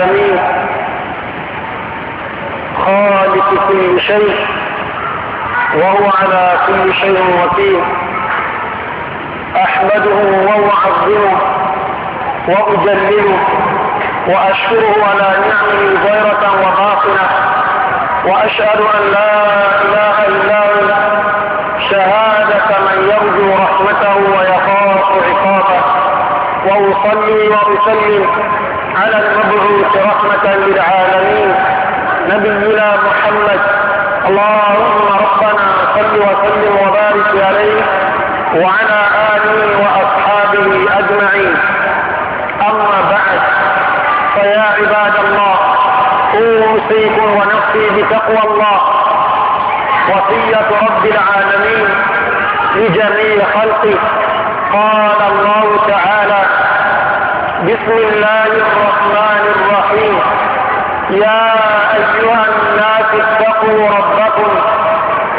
العالمين خالق كل شيء وهو على كل شيء وكيل احمده واعظمه واجلله واشكره على نعمه ظاهره وباطنه واشهد ان لا اله الا هو شهاده من يرجو رحمته ويخاف عقابه واصلي واسلم على المبعوث رحمة للعالمين نبينا محمد اللهم ربنا صل وسلم وبارك عليه وعلى آله وأصحابه أجمعين أما بعد فيا عباد الله أوصيكم ونفسي بتقوى الله وصية رب العالمين لجميع خلقه قال الله تعالى بسم الله الرحمن الرحيم يا أيها الناس اتقوا ربكم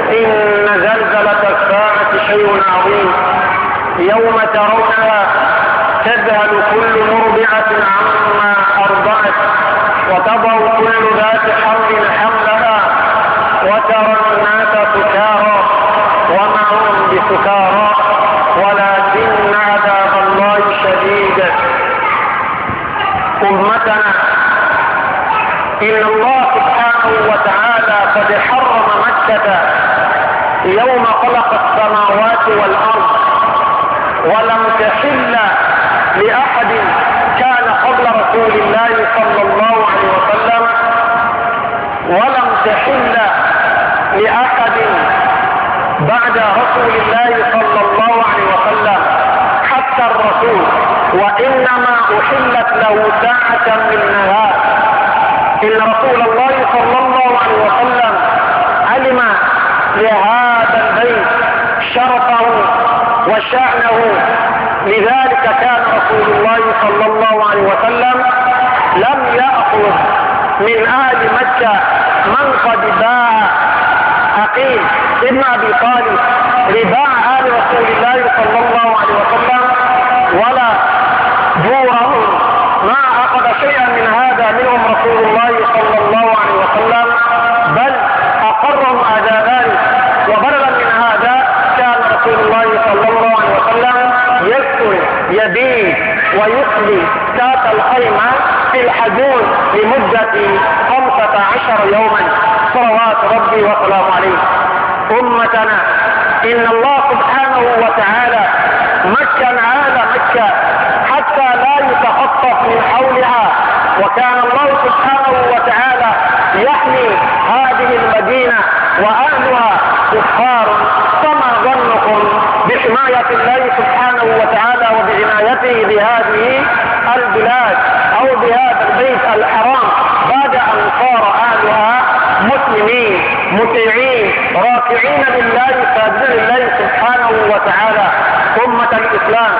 إن زلزلة الساعة شيء عظيم يوم ترونها تذهل كل مربعة عما أرضعت وتضع كل ذات حمل حملها وترى الناس سكارى وما هم بسكارى ولكن عذاب الله شديد أمتنا إن الله سبحانه وتعالى قد حرم مكة يوم خلق السماوات والأرض ولم تحل لأحد كان قبل رسول الله صلى الله عليه وسلم ولم تحل لأحد بعد رسول الله صلى الله عليه وسلم الرسول وإنما أحلت له ساعة من نهار إن رسول الله صلى الله عليه وسلم علم لهذا البيت شرفه وشأنه لذلك كان رسول الله صلى الله عليه وسلم لم يأخذ من أهل مكة من قد باع عقيل ابن أبي طالب رباع اهل رسول الله صلى الله عليه وسلم ولا جورهم ما عقد شيئا من هذا منهم رسول الله صلى الله عليه وسلم بل اقرهم على ذلك وبلغا من هذا كان رسول الله صلى الله عليه وسلم يسكن يبيت ويسلي كاس الخيمه في الحجون لمده خمسه عشر يوما صلوات ربي وسلامه عليه امتنا ان الله سبحانه وتعالى مكة حتى لا يتخطف من حولها وكان الله سبحانه وتعالى يحمي هذه المدينة وأهلها كفار فما ظنكم بحماية الله سبحانه وتعالى وبعنايته بهذه البلاد أو بهذا البيت الحرام بعد أن صار أهلها مسلمين مطيعين راكعين لله ساجدين لله سبحانه وتعالى أمة الإسلام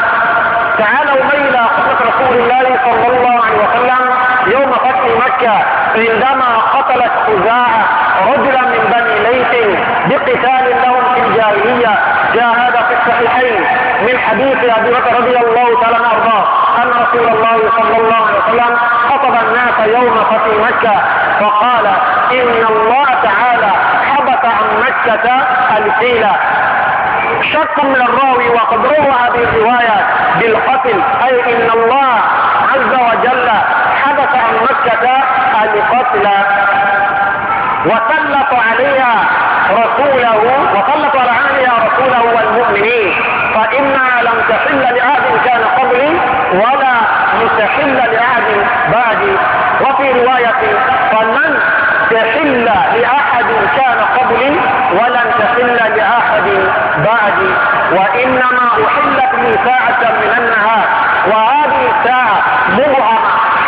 تعالوا الى قصة رسول الله صلى الله عليه وسلم يوم فتح مكة عندما قتلت خزاعة رجلا من بني ليث بقتال لهم في الجاهلية جاء هذا في الصحيحين من حديث ابي بكر رضي الله تعالى عنه ان رسول الله صلى الله عليه وسلم خطب الناس يوم فتح مكة فقال ان الله تعالى حبس عن مكة الفيلة شك من الراوي وقد روى هذه الرواية بالقتل أي إن الله عز وجل حدث عن مكة القتل وسلط عليها رسوله وسلط على عليها رسوله والمؤمنين فإنها لم تحل لأحد كان قبلي ولا مستحل لأحد بعدي وفي رواية فمن تحل لأحد كان قبلي ولن تحل لأحد بعدي وإنما أحلت لي ساعة من النهار وهذه الساعة مبهمة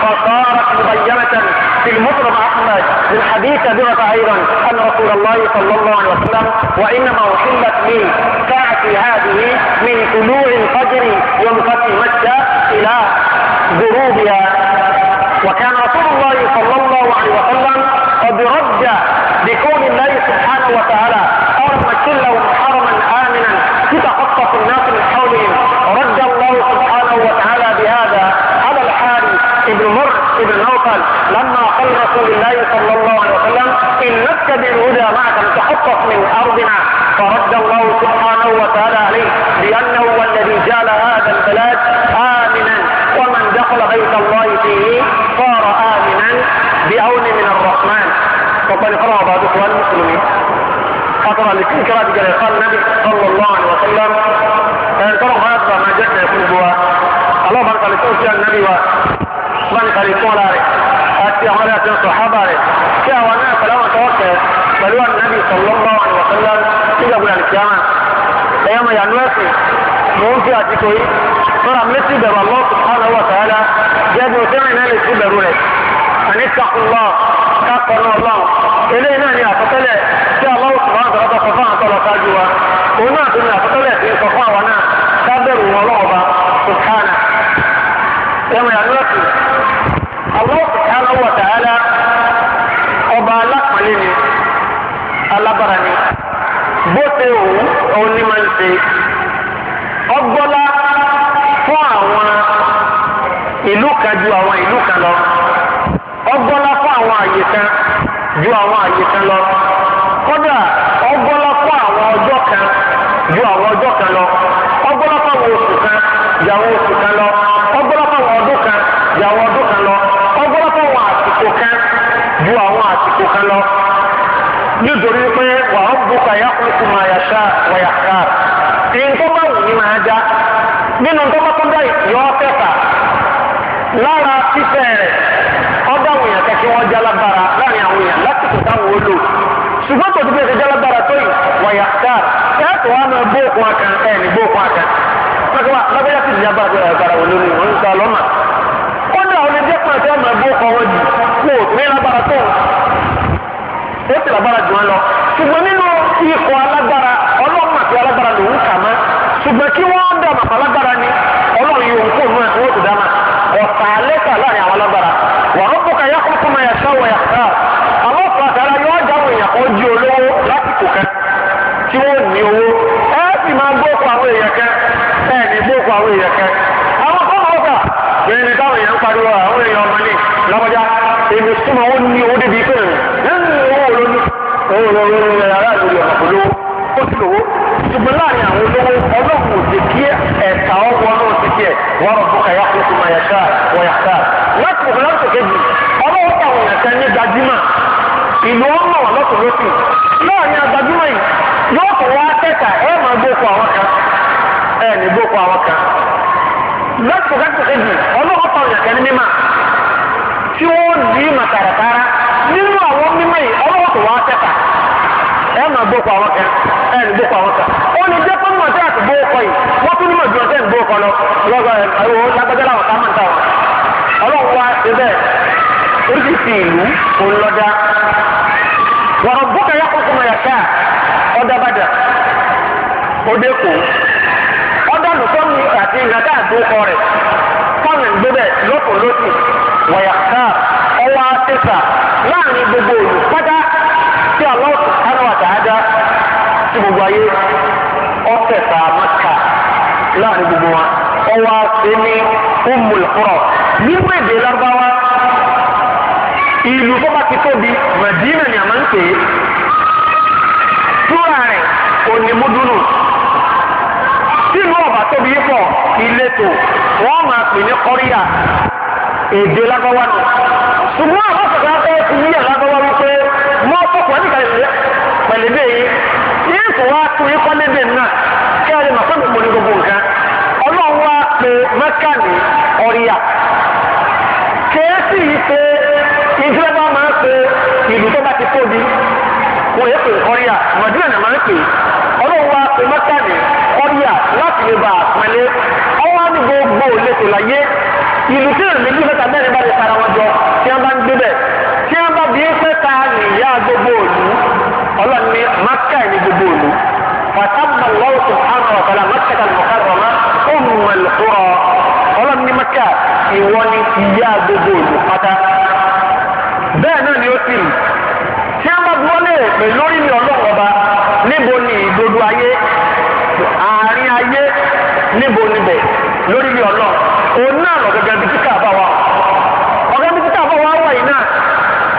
فصارت مبينة في المطرب أحمد في الحديث أبي أيضا أن رسول الله صلى الله عليه وسلم وإنما أحلت لي ساعتي هذه من طلوع الفجر يوم فتح مكة إلى غروبها وكان رسول الله صلى الله عليه وسلم قد رد بكون الله سبحانه وتعالى أرم كلهم حرما آمنا تتخطف الناس من حولهم رد الله سبحانه وتعالى بهذا على الحارث ابن مر ابن نوفل لما قال رسول الله صلى الله عليه وسلم إن نتبع الهدى معك نتخطف من أرضنا فرد الله سبحانه وتعالى عليه بأنه هو الذي جعل هذا البلاد آمنا دخل بيت الله فيه صار آمنا بعون من الرحمن وقد قرأ بعض إخوان المسلمين فقرأ الاثنين قراءة قال النبي صلى الله عليه وسلم كان ترى ما يقرأ ما جاء يقول هو الله بارك على سوسيا النبي و قال على عليه أتي على الصحابة وانا فلما توكل بلوى النبي صلى الله عليه وسلم إذا قلنا القيامة ẹ̀yẹ́ mọ̀ yànú ẹ̀sìn mò ń fi àtìkò yìí fúnra mi sì bẹ̀rù Allah subhanahu wa ta'ala jẹ́ bí o tẹ́rìn náà lè sí bẹ̀rù rẹ̀ àní takùnlọ́ kákọ́ náà lọ́wọ́ eléyìí náà ni àkọsílẹ̀ tí Allah subhanahu wa ta'ala sọ fún àtọ́lọ́ sáájú wa òun náà tún ni àkọsílẹ̀ tí ń sọ fún àwa náà ká bẹ̀rù wọn lọ́wọ́ bá subhana ẹ̀yẹ́ mọ̀ yànú ẹ̀sìn Allah subhanahu wa ta'ala ọba alápàlẹ́ ni alábàrà ni. ṣe òun òun ní máa ń ṣe ọgbọ́lá fún àwọn ìlú kan ju àwọn ìlú kan lọ ọgbọ́lá fún àwọn àyè kan ju àwọn àyè kan lọ kódà ọgbọ́lá fún àwọn ọjọ́ kan ju àwọn ọjọ́ kan lọ ọgbọ́lá fún àwọn oṣù kan ju àwọn oṣù kan lọ ọgbọ́lá fún àwọn ọdún kan ju àwọn ọdún kan lọ ọgbọ́lá fún àwọn àsìkò kan ju àwọn àsìkò kan lọ nítorí rabbuka yakhluqu ma yasha wa yakhtar nǹkan bá wù ní máa já nínú tó bá tó dá yọ fẹ́ta lára fífẹ́ rẹ̀ ọba àwọn èèyàn kẹ́kẹ́ wọ́n já lágbára láàrin àwọn èèyàn láti kò táwọn ó lò ṣùgbọ́n tó ti bí ẹ̀ṣẹ̀ já lágbára tó yìí wa yakhtar ẹ̀ẹ́tọ̀ wa máa bó òkun akàn ẹ̀ ní bó òkun akàn lọ́gbà lábẹ́yà sì ní abáàbẹ̀ ọ̀gára wọn lónìí wọn ń ta lọ́mà kódà ọ̀nà jẹ́ pàṣẹ ọmọ ẹgbẹ́ ọkọ̀ wọn jù kó o ní lágbára tó o ó sì lágbára jù wọn lọ ṣùgbọ́n nínú ikọ̀ alágbára ọlọ́run àti alágbára lòún kà má ṣùgbọ́n kí wọ́n dà màmá alágbára ni ọlọ́run yóò kó nù àti wọ́n ti dáná ọ̀tá lẹ́tà láàrin àwọn alágbára wà ó kókà yá kókó máa yàtọ̀ wọ̀ yàtọ̀ àwọn fàtàrà yóò dáwọ̀ èèyàn kan di olówó lásìkò kan tí wọ́n ní owó ẹ sì máa gbóòkù àwọn èèyàn kan ẹ ní gbóòkù àwọn èèyàn kan àwọn kọ́mọ ọ̀gá bẹ́ẹ̀ ni táwọn èèyàn ń pariwo àwọn èèyàn ọmọ òun rẹ òun rẹ aráàlú rẹ ọ̀nà polówó ó ti lówó ṣùgbọ́n láàrin àwọn olówó ọlọ́run òde kí ẹ̀ka ọgbọ́n ọlọ́run ti tiẹ̀ wọ́n rọ̀ fúnka yá fún ma yàtá wọ́n yàtá láti òkè láti òkè jù ọlọ́run táwọn yàtá ní gbajúmọ̀ ìlú ọmọ ọlọ́tún lọ́sìn láàrin agbajúmọ̀ yìí yóò tó wá kẹ́kà ẹ̀ máa gbókò àwọn kan ẹ̀ ní gbókò àwọn kan láti òkè láti òkè jù ọlọ́run táwọn yàtá ní mímọ̀ tí wọ́n dì í mà tààràtàrà nínú àwọn mímọ̀ yìí ọlọ́ ọ̀tù wá kẹta ẹ̀ máa gbó kọ́ àwọn kan ẹ̀ ń gbó kọ́ àwọn kan ó ní jẹ́ fún mọ̀tí àti gbó kọ́ yìí wọ́n tún ní mọ̀tí ọ̀tẹ́ ń gbó kọ́ lọ lọ́gọ́ ẹ̀ ẹ̀rọ lágbájá làwọn ká máa ń tà wọn. ọlọ́run wá ibẹ̀ oríṣiríṣi ìlú olọ́dá wọ̀rọ̀ yà kókò àti láàrin gbogbo olùkọ́dá tí Allah subhanahu wa ta'ala tí gbogbo ayé ọ̀fẹ́ ta maka láàrin gbogbo wa ọwọ́ àti ní Ummul Qura nínú èdè lárúbáwá ìlú tó bá ti tóbi Madina ni a máa ń pè é túra rẹ̀ onímúdúnù tìlú ọ̀bà tóbi pọ̀ ìletò wọ́n máa pè ní kọ́ríyà èdè lárúbáwá nù ṣùgbọ́n àwọn sọ̀rọ̀ afẹ́ ti yí ẹ̀ lárúbáwá tọkùn ẹni kàlẹ́ lẹ́yà pẹ̀lú bẹ́ẹ̀ yìí yìí yìí kọ́lé bẹ́ẹ̀ náà kí gbogbo nǹkan ọlọ́run mẹ́kà ní ọ̀ríyà kèésì yìí pé ìjọba máa pe ìlú tó bá ti tóbi wọ́n yẹ pé mọ̀dúnrún pè ọlọ́run mẹ́kà ní ọ̀ríyà láti lè bá àpẹẹlẹ ọwọ́ ní gbogbo òletò láyé ìlú tí ní pẹ́ ta nìyá gbogbo òlu ọlọ́run maka ní gbogbo òlu fatamma Allahu subhanahu wa maka ta al-mukarrama ummul qura ọlọ́run ní maka ìwọ ni gbogbo òlu pátá bẹ́ẹ̀ náà ni ó sì rí tí a máa gbọ́ lè lórí mi níbo ni ayé ayé níbo lórí mi kíkà bá wa.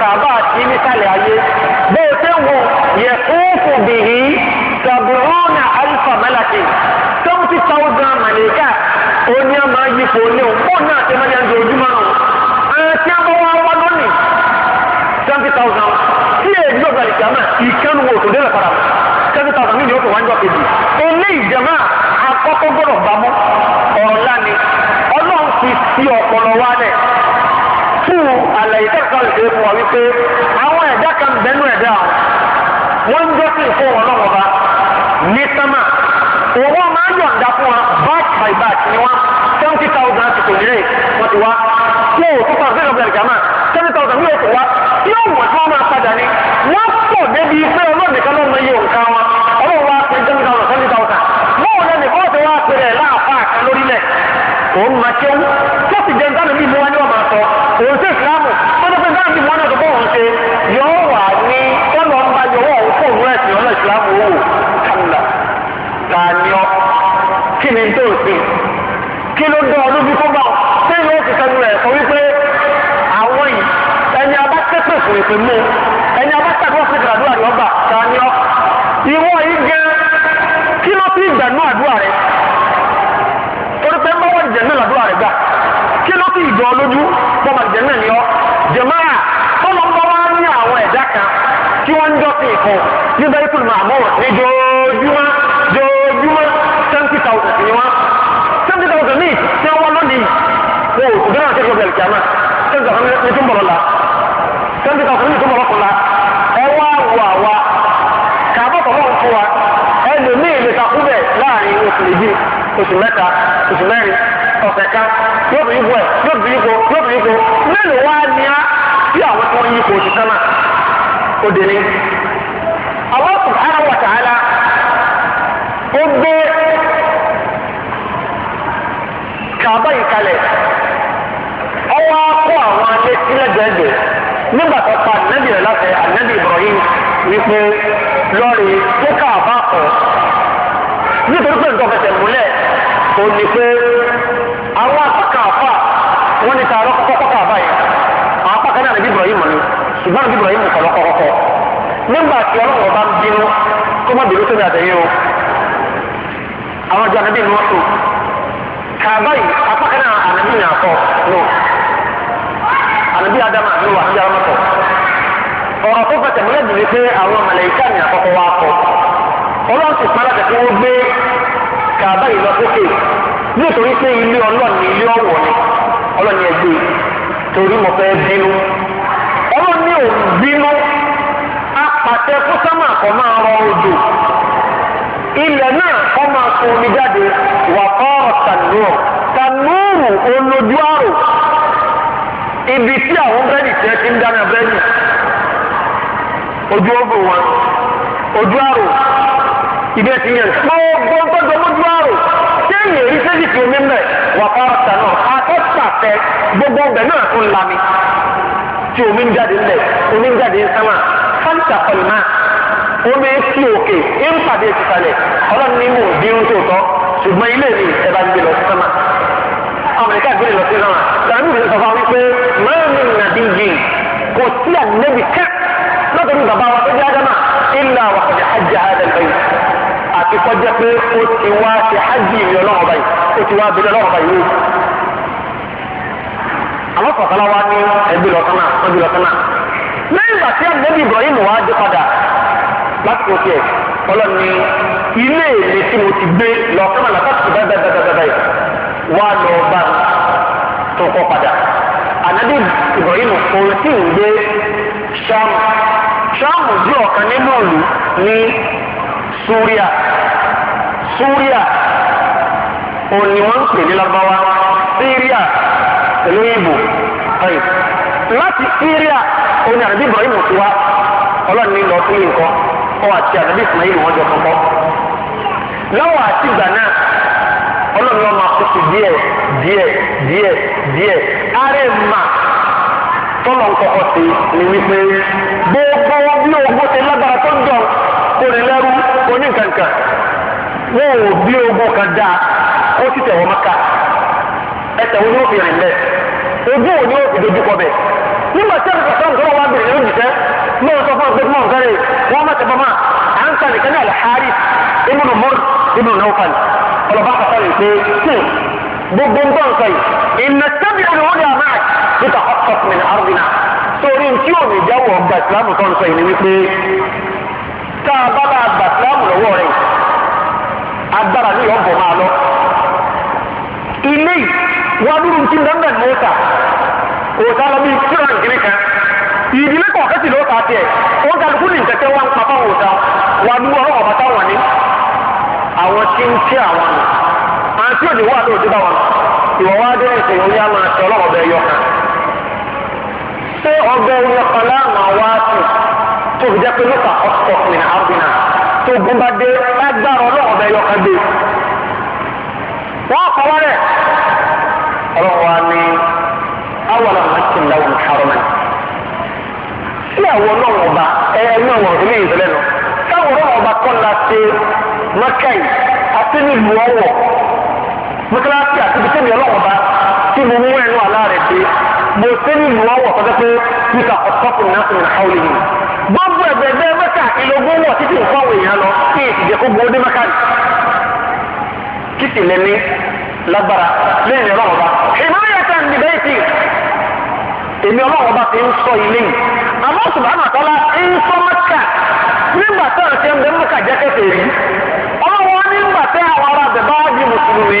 kàbá àti nísàlẹ̀ ayé bẹ́ẹ̀ pé wọ́n yẹ fúnfù bìhí sàbùrọ́nà alifa malaki seventy thousand malika oní àmà yípo ní o fún náà ṣe máa ń di ojúmọ́ náà àti àmọ́ wa wá lónìí seventy thousand tí èyí ló balẹ̀ jàmá ìkànnì wo òtò délẹ̀ padà seventy thousand níbi oṣù wájú ọ̀kejì ilé ìjàmá akọ́kọ́ gbọ́dọ̀ bámú ọ̀rọ̀ ńlá ni ọlọ́run ti fi ọ̀pọ̀lọ wálẹ̀ kú àlàyé kẹ́kọ̀ọ́ lè fún wa wípé àwọn ẹ̀dá kan bẹ́nu ẹ̀dá wọ́n ń jọ́sìn fún wọn náà wọ́n ní sámà owó máa ń yọ̀ǹda fún wa batch by back ni wọ́n seventy thousand ti kò nílé wọ́n ti wá kó o two thousand of ẹ̀rẹ̀gàmà seventy thousand yóò tó wá yóò wọ̀ tí wọ́n máa padà ní wọ́n pọ̀ débi pé ọlọ́ọ̀dẹ̀ kan ló ń yẹ òǹkà wọn ọlọ́ọ̀ wá pé seventy thousand seventy thousand bọ́ọ̀ òun máa kéwú tó sì jẹ́ nǹkan mi mú wá ní ọ̀ma sọ òun ṣe ìsìlámù tó ní pé nǹkan mi mú náà tó bọ́ òun ṣe yọ wà ní tọ́nà ọba yọwọ́ òun kò wú ẹ̀sìn ọ̀nà ìsìlámù wò kàmùlà tàníọ́ kí ni tó ṣe kí ló dán ọdún bí kó bá ọ ṣé yóò ti sẹnu rẹ̀ sọ wípé àwọn yìí ẹni abá tẹ́pẹ̀ fèrèsé mú ẹni abá tẹ́pẹ̀ fèrèsé àdúrà yọ̀ọ́ bà tàníọ́ ìwọ yìí gẹ́ kí ló fi ìgbà náà àdúrà àlìjẹ̀nà làdúrà rẹ̀ gbà kí ló ti ìjọ lójú bọ́mọ àlìjẹ̀nà ni ọ́ jẹ̀máà tọ́lọ́ ń bọ́ wá ní àwọn ẹ̀dá kan tí wọ́n ń dọ́sìn ìfún ní bẹ́ẹ̀ kùnú àmọ́ ní dojúmọ́ dojúmọ́ seventy thousand ni wọ́n seventy thousand ní ìtẹ́ wọn lónìí wọ́n ò gbẹ́rẹ́ àti ìgbọ̀gbẹ̀ ìkìyàmá seventy thousand ní tún bọ̀rọ̀ la seventy thousand ní tún bọ̀rọ̀ kùn la ẹ wá wọ àwa kàbọ̀ kọ̀ mọ́ fún wa ẹ lè ní ìlẹ̀ta kú bẹ̀ láàrin oṣù méjì oṣù mẹ́ta oṣù mẹ́rin ọ̀sẹ̀ kan yóò bí ipò ẹ̀ yóò bí ipò yóò bí ipò mélòó wá ní á sí àwọn tí wọ́n yí ipò òṣìṣẹ́ náà ó dé ní. Allah subhanahu wa ta'ala ó gbé kàbá yìí kalẹ̀ ọwọ́ kó àwọn alẹ́ nígbà tó pa rẹ̀ láti wípé lọ́ọ̀rì tó kọ̀ nítorí pé nǹkan kan àfa wọ́n ní ta lọ́kọ́ kọ́kọ́ kan àbáyé àwọn apá kan náà níbi Ibrahim ni ṣùgbọ́n níbi Ibrahim kọ̀ lọ́kọ́kọ́kọ́ nígbà tí ọlọ́run bá ń bínú kó má bínú sómi àtẹ̀yẹ o àwọn ọjọ́ ànábì ni wọ́n tó kàbáyé apá kan náà ànábì ní àkọ́ nù ànábì Adama ló wà sí àwọn ọkọ̀ ọ̀rọ̀ tó fẹsẹ̀ múlẹ̀ jù ní pé àwọn màláíkà ní àkọ́kọ́ wá kọ́ ọlọ́run sì pàdé àtẹ̀kọ́ wọ́n gbé kàbáyé lọ sókè nítorí pé ilé ọlọ́ yọ wọ̀ ni ọlọ́ni ẹ torí mo fẹ́ bínú ọlọ́ni ò bínú apàtẹ fún sámà máa rọ òjò ilẹ̀ náà kọ́ máa omi jáde wà olójú àrò ibi tí àwọn bẹ́ẹ̀dì ti ń dáná bẹ́ẹ̀dì ojú wọn ojú àrò ibi ẹ̀ ti yẹn gbogbo àrò. lẹ́yìn èyí sẹ́yìn fi omi mẹ́ wà pàrọ̀tà náà akọ́pàtẹ gbogbo ọbẹ̀ náà tó ń lami tí omi ń jáde ńlẹ̀ omi ń jáde ń sámà fáńtà ọ̀nà omi ti òkè ń pàdé ìsàlẹ̀ ọlọ́run ní mò ń dín tó tọ́ ṣùgbọ́n ilé mi ẹ bá ń gbé lọ sí sámà amẹ̀ríkà gbé lọ sí sámà làánú ìlú sọ̀fà wípé mẹ́rin nàbí yìí kò sí ànẹ́bì kẹ́ lọ́dọ̀ ní bàbá wa tó àfi kọjá pé ó ti wá ṣe hajj ìrìn ọlọ́run báyìí ó ti wá bẹ̀rẹ̀ ọlọ́run báyìí wò. àwọn kọ̀ọ̀kan wá ní ẹbí lọ́kàn náà wọ́n bí lọ́kàn lẹ́yìn ìgbà tí àgbẹ̀bí Ibrahim wá dé padà láti òkè ẹ̀ ọlọ́ni ilé èlé tí mo ti gbé lọ́kàn náà látàkì dáadáa wá lọ bá tó kọ́ padà. ànábì Ibrahim kò tí ì gbé ṣáàmù ṣáàmù bí ọ̀kan nínú òlù ní Súríà. Suria, òun ni wọ́n ń pè ní lábáwá síríà pẹ̀lú ìbò ẹ̀yìn láti síríà òun ni àdàbí ibrahim ti wá ọlọ́run ní lọ sílé nǹkan ọ àti àdàbí ismail wọn jọ kọ́kọ́ lọ́wọ́ àti ìgbà náà ọlọ́run lọ́ọ́ máa kóso díẹ̀ díẹ̀ díẹ̀ díẹ̀ ààrẹ mà tọ́lọ̀ nkọ́kọ́ sí ni wípé gbogbo bí owó ti lágbára tó ń dọ̀ kò ní lẹ́rú oníkankan wọn ò bí ogun kan dáa ó ti tẹ̀wọ́ mọ́ká ẹsẹ̀ wo ni ó fi rìn lẹ̀ ojú wo ni ó fi dojú kọ bẹ̀ nígbà tí ẹ̀ka sọ̀rọ̀ sọ̀rọ̀ wa bèrè lójú sẹ́ ní wọn sọ fún ọgbẹ́ mọ̀ nǹkan rẹ̀ wọ́n má tẹ̀fọ́ mọ́ à ń sàn nìkan ní àlàárí ibùdó mọ́rù ibùdó náà fàn ọlọ́ba kọ̀ọ̀kan rẹ̀ pé gbogbo ń gbọ́n sọ yìí ìnà tẹ́bi olùwọ́dì àmáà níta ọ̀kọ̀ọ̀kan ní àrùbínà torí tí ò ní jáwọ́ ọgbà ìsìlámù sọ yìí ni wípé tá a bá bá àgbà lọ́wọ́ rẹ̀ yìí agbára ní ọ̀bọ̀ máa lọ. ilé wọn dúró ti lọ́ndẹ̀ mọ́tà òòtà lọ bí fúlàn kiri kan ìdílé kọ̀ọ̀kan sì lọ́ọ́ ta tiẹ̀ wọ́n kálukú ní ìtẹ̀tẹ̀ wọn pa fáwọn òòtà wọn dúró ọlọ́wọ́ bàtà wọn ni àwọn tí ń tí àwọn nù àti òde wà lóòdì bá wọn ìwọ wá dé ẹsẹ̀ ìwé yá máa tẹ yọ kan ṣé ọgbẹ́ wọn kọlá àwọn wá tóbi jẹ́ pé lóka ọ̀sọ̀ ìnà àbínà tó gun bá dé lágbára ọlọ́run ọbẹ̀ yọ kan dé. wọ́n kọ́ wọ́n rẹ̀ ọlọ́run wa ní awọ́lá mẹ́tì láwùn harman. sí àwọn ọlọ́run ọba ẹ ẹ̀mí ọ̀wọ̀ ilé ìfẹ́lẹ́ nù táwọn ọlọ́run ọba kọ́ la ṣe mọ́kàì àti nílùú ọ̀wọ̀ mọ́kàlásì àti ibi tẹ́mi ọlọ́run ọba tí mo mú ẹnu àlá dé mo ṣe nílùú ọ̀wọ̀ kọ́tẹ́ pé kíkà ọ̀tọ́kùnrin maka ìlógún wọ̀ títí nǹkan àwọn èèyàn lọ kí èsì jẹ́ kó gbowó dé maka ni kí sì lẹ́ni lágbára lẹ́yìn ọba ìmáyàtà ní èmi ti ń sọ ilé yìí àmọ́ ṣùgbọ́n àtọ́lá ń sọ maka nígbà ṣe di mùsùlùmí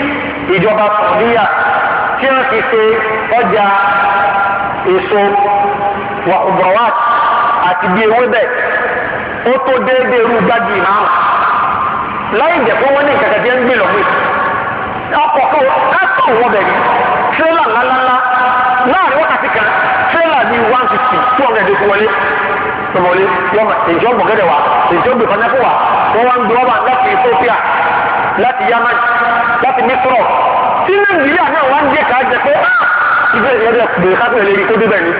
ìjọba sọ̀díyà tí wọ́n ti ṣe ọjà èso wà ọ̀bọ̀wá àti bí ewébẹ̀ ó tó déédéé irú gbájú ìmáà láì jẹ́ pé wọ́n ní ìkẹ̀kẹ̀ tí ń gbé lọ́gbé ọkọ̀ kó kátó wọn bẹ̀ ni tírélà ńláńlá láàrin wákàtí kan tírélà ní one fifty two hundred eight wọlé tọmọlé yọmọ èjì ọgbọ̀n wa èjì ọgbọ̀n wa wọ́n wá ń gbé wọn bá láti Ethiopia láti Yamani láti mísírọ̀ tí nàìjíríà náà wá ń jẹ́ ká jẹ pé ibẹ̀ ìrẹ́lẹ̀ bèrè ká pẹ̀lẹ́ ibi tó débẹ̀ ni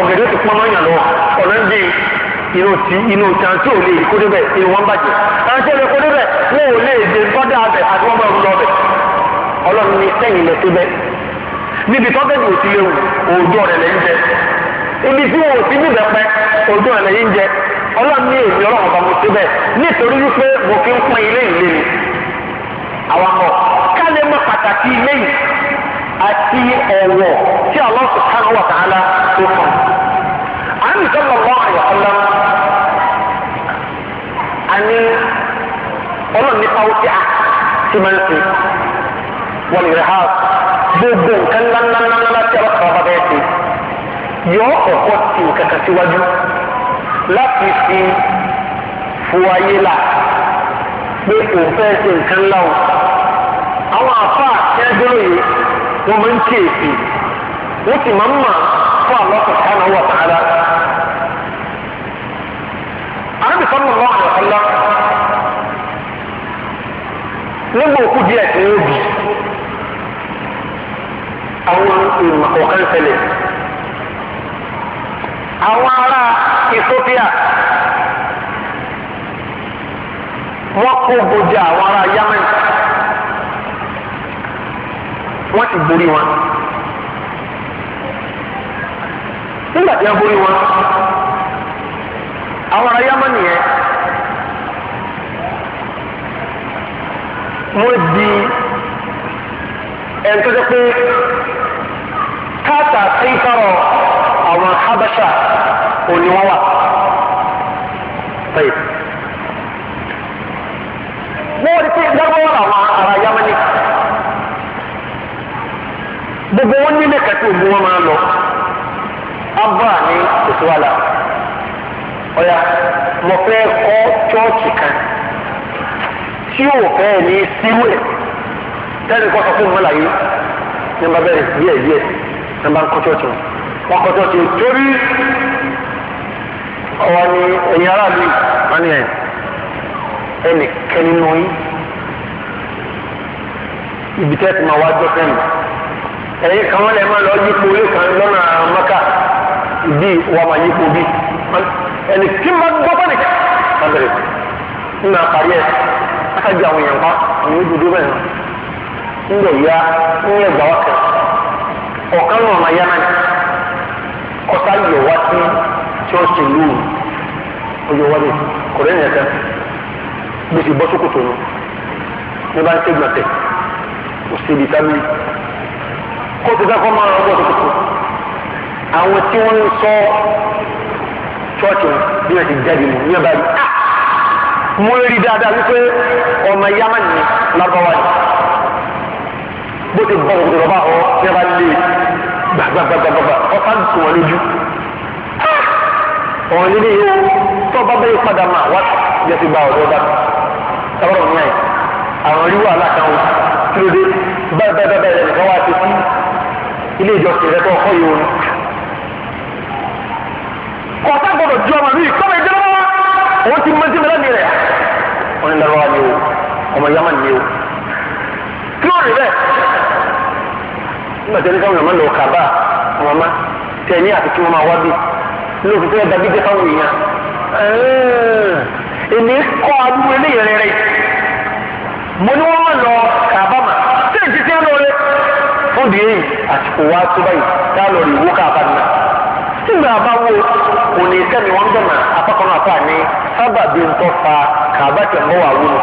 ọ̀gẹ̀dẹ̀ ti pọ́n mọ́yàn lọ ọ̀nà ń dín inú tí inú tí a tí ò lè kó débẹ̀ inú wọn bàjẹ́ àwọn tí ò lè kó débẹ̀ wọn ò lè dé gbọ́dọ̀ abẹ àti wọn bá ń lọ bẹ ọlọ́run ní sẹ́yìn lẹ síbẹ̀ níbi tọ́tẹ́ ní òsì léwu òòjọ́ rẹ̀ lẹ́yìn jẹ ibi tí wọn ò sí níbẹ̀ pẹ́ òòjọ́ rẹ̀ lẹ́yìn jẹ ọlọ́run ní èmi ọlọ́run bá mo síbẹ̀ nítorí wípé mo fi ń pín ilé ìlé mi awakọ̀ kálẹ̀ mọ́ pàtàkì lẹ́yìn àti ọ̀wọ̀ tí Allah subhanahu wa ta'ala tó fún un. àmì sọ́nà mọ́ àyọ̀ ọ̀la àní ọlọ́run nípa ó ti à ti máa ń sè wọ́n lè ha gbogbo nǹkan ńláńláńlá tí ọlọ́run kan bá bẹ́ẹ̀ sè yọ ọ̀pọ̀ tì kankan síwájú láti fi fún ayé la. pé kò fẹ́ ṣe nǹkan ńlá o àwọn àfa ẹgbẹ́rún yìí wọ́n máa ń kíyèsí wọ́n sì máa ń mà fún àlọ́kùn kánà wọ̀ tààrà. àrùn sọ́nà lọ́wọ́ àlọ́kọ́lá nígbà òkú díẹ̀ Ethiopia. wọ́n kó gbòdì àwọn ará Yemen wọ́n ti borí wọn. nígbà tí wọ́n borí wọn àwọn ará Yemen yẹn wọ́n di ẹni pé káàtà sí sọ̀rọ̀ àwọn Habasha òní wọ́n wà pé lọ́wọ́ àwọn ará yamani gbogbo wọn nílé kẹtì ògùn wọn máa lọ abba ní òṣùwàlà ọ̀yà mo fẹ́ kọ́ chọ́ọ̀chì kan tí ò fẹ́ ní síwẹ̀ tẹ́lẹ̀ kọ́ sọ fún wọn láyé ní bá bẹ̀rẹ̀ díẹ̀ díẹ̀ ní bá ń kọ́ chọ́ọ̀chì wọn wọn kọ́ chọ́ọ̀chì torí ọ̀wà ni ẹ̀yin aráàlú yìí wọ́n ní ẹ̀ ẹnìkẹ́ni nù yín ibi tẹ́ ti máa wá jọ fẹ́ mi ẹ̀yin kan wọn lè máa lọ yípo ilé kan lọ́nà maka ìdí wa máa yípo bí ẹni tí máa gbọ́ bá nìkan máa bẹ̀rẹ̀ nínú àpárí ẹ̀ akájú àwọn èèyàn pa àwọn ojú dúró bẹ́ẹ̀ náà ńlẹ̀ ya ńlẹ̀ gbà wá kan ọ̀kan náà máa yá kọ́tà yọ̀ wá sí chọ́ọ̀ṣì lóòrùn ọjọ́ wọlé kọ̀rẹ́ nìkan bó ti bọ́ sókòtò nù ní bá ń ṣe gbọ̀ntẹ̀. kò síbi tábìlì kọ́ máa ń bọ̀ tuntun àwọn tí wọ́n ń sọ chọ́ọ̀chì bí wọ́n ti jáde mọ̀ ní ọba yìí ah! mo rí dáadáa wípé ọmọ yamá ni lábáwá yìí ọ ní ọba lè gbàgbàgbàgbà ọ̀fà ń sùn wọn lójú ah! ọ̀hún tọ́ba bẹ́ẹ̀ padà máa wá ti gba ọ̀dọ́ àwọn wàhálà kan kí ló dé báyìí báyìí báyìí ẹnìkan wá ti sí ilé ìjọsìn rẹ tó ọkọ yìí òun. kọ̀ọ̀tà gbọ́dọ̀ ju ọmọ mi kọ́mọ ẹ̀jẹ̀ lọ́wọ́ òun ti mọ́tí mi lẹ́nu rẹ̀ wọ́n ní lọ́wọ́ ni o ọmọ yamma ni o kí ló rí bẹ́ẹ̀. nígbà tí ẹni káwọn ọmọ lọ kàbá ọmọ má tẹ ní àti kí wọ́n máa wá bí lóòótọ́ ẹ̀ dàbí jẹ́ fáwọn èèyàn èmi kọ́ abúlé eléyìí rẹ̀ rẹ̀ mo ní wọ́n lọ kàbá fún di èyí àsìkò wa tó báyìí tá a lọ rí ìwúkà àbáná nígbà àbáwo òní ìtẹ́ni wọn gbọ̀nà apákanná apá ní sábà bí n tọ́ fa kàbá tẹ̀ mọ́ wà wúlò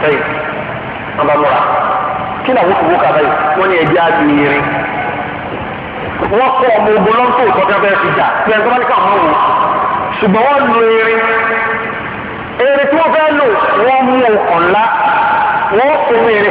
sẹ́yìn wọn bá múra kí làwọn kò wúkà báyìí wọn ni ẹ̀jẹ̀ àgbèrè wọn kọ ọmọ ogun lọ́ńtò tọ́jà bẹ́ẹ̀ fi jà pé ẹ̀ńtọ́ bá ní káwọn wò ṣùgbọ́n wọ́n lo eré eré tí wọ́n fẹ́ lò wọ́n mú ọkàn ńlá wọ́n fún eré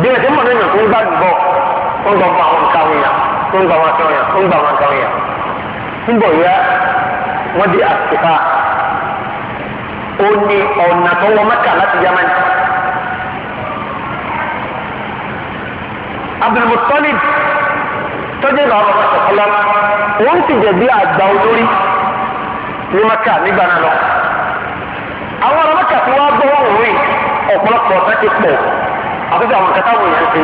bí ẹ ti mọ̀ nínú tó ń gbàgbọ́ ó ń gbàgbọ́ àwọn nǹkan wọ̀nyà ó ń gbà wọn kan wọ̀nyà ó ń gbà wọn kan wọ̀nyà níbọ̀ yá wọ́n di àtìfá ó ní ọ̀nà tó wọ mẹ́kà láti yamani. abdulmutalib tọ́jú ìlà ọ̀rọ̀ ọ̀sọ̀kọ́lá wọ́n sì jẹ̀bi àgbà olórí ní mẹ́kà nígbà náà lọ. àwọn ọ̀rọ̀ mẹ́kà tí wọ́n á gbọ́ wọ́n wí ọ̀pọ̀lọpọ̀ ọ̀sẹ̀ ti pọ̀ àfi àwọn kẹta wò yẹn ṣe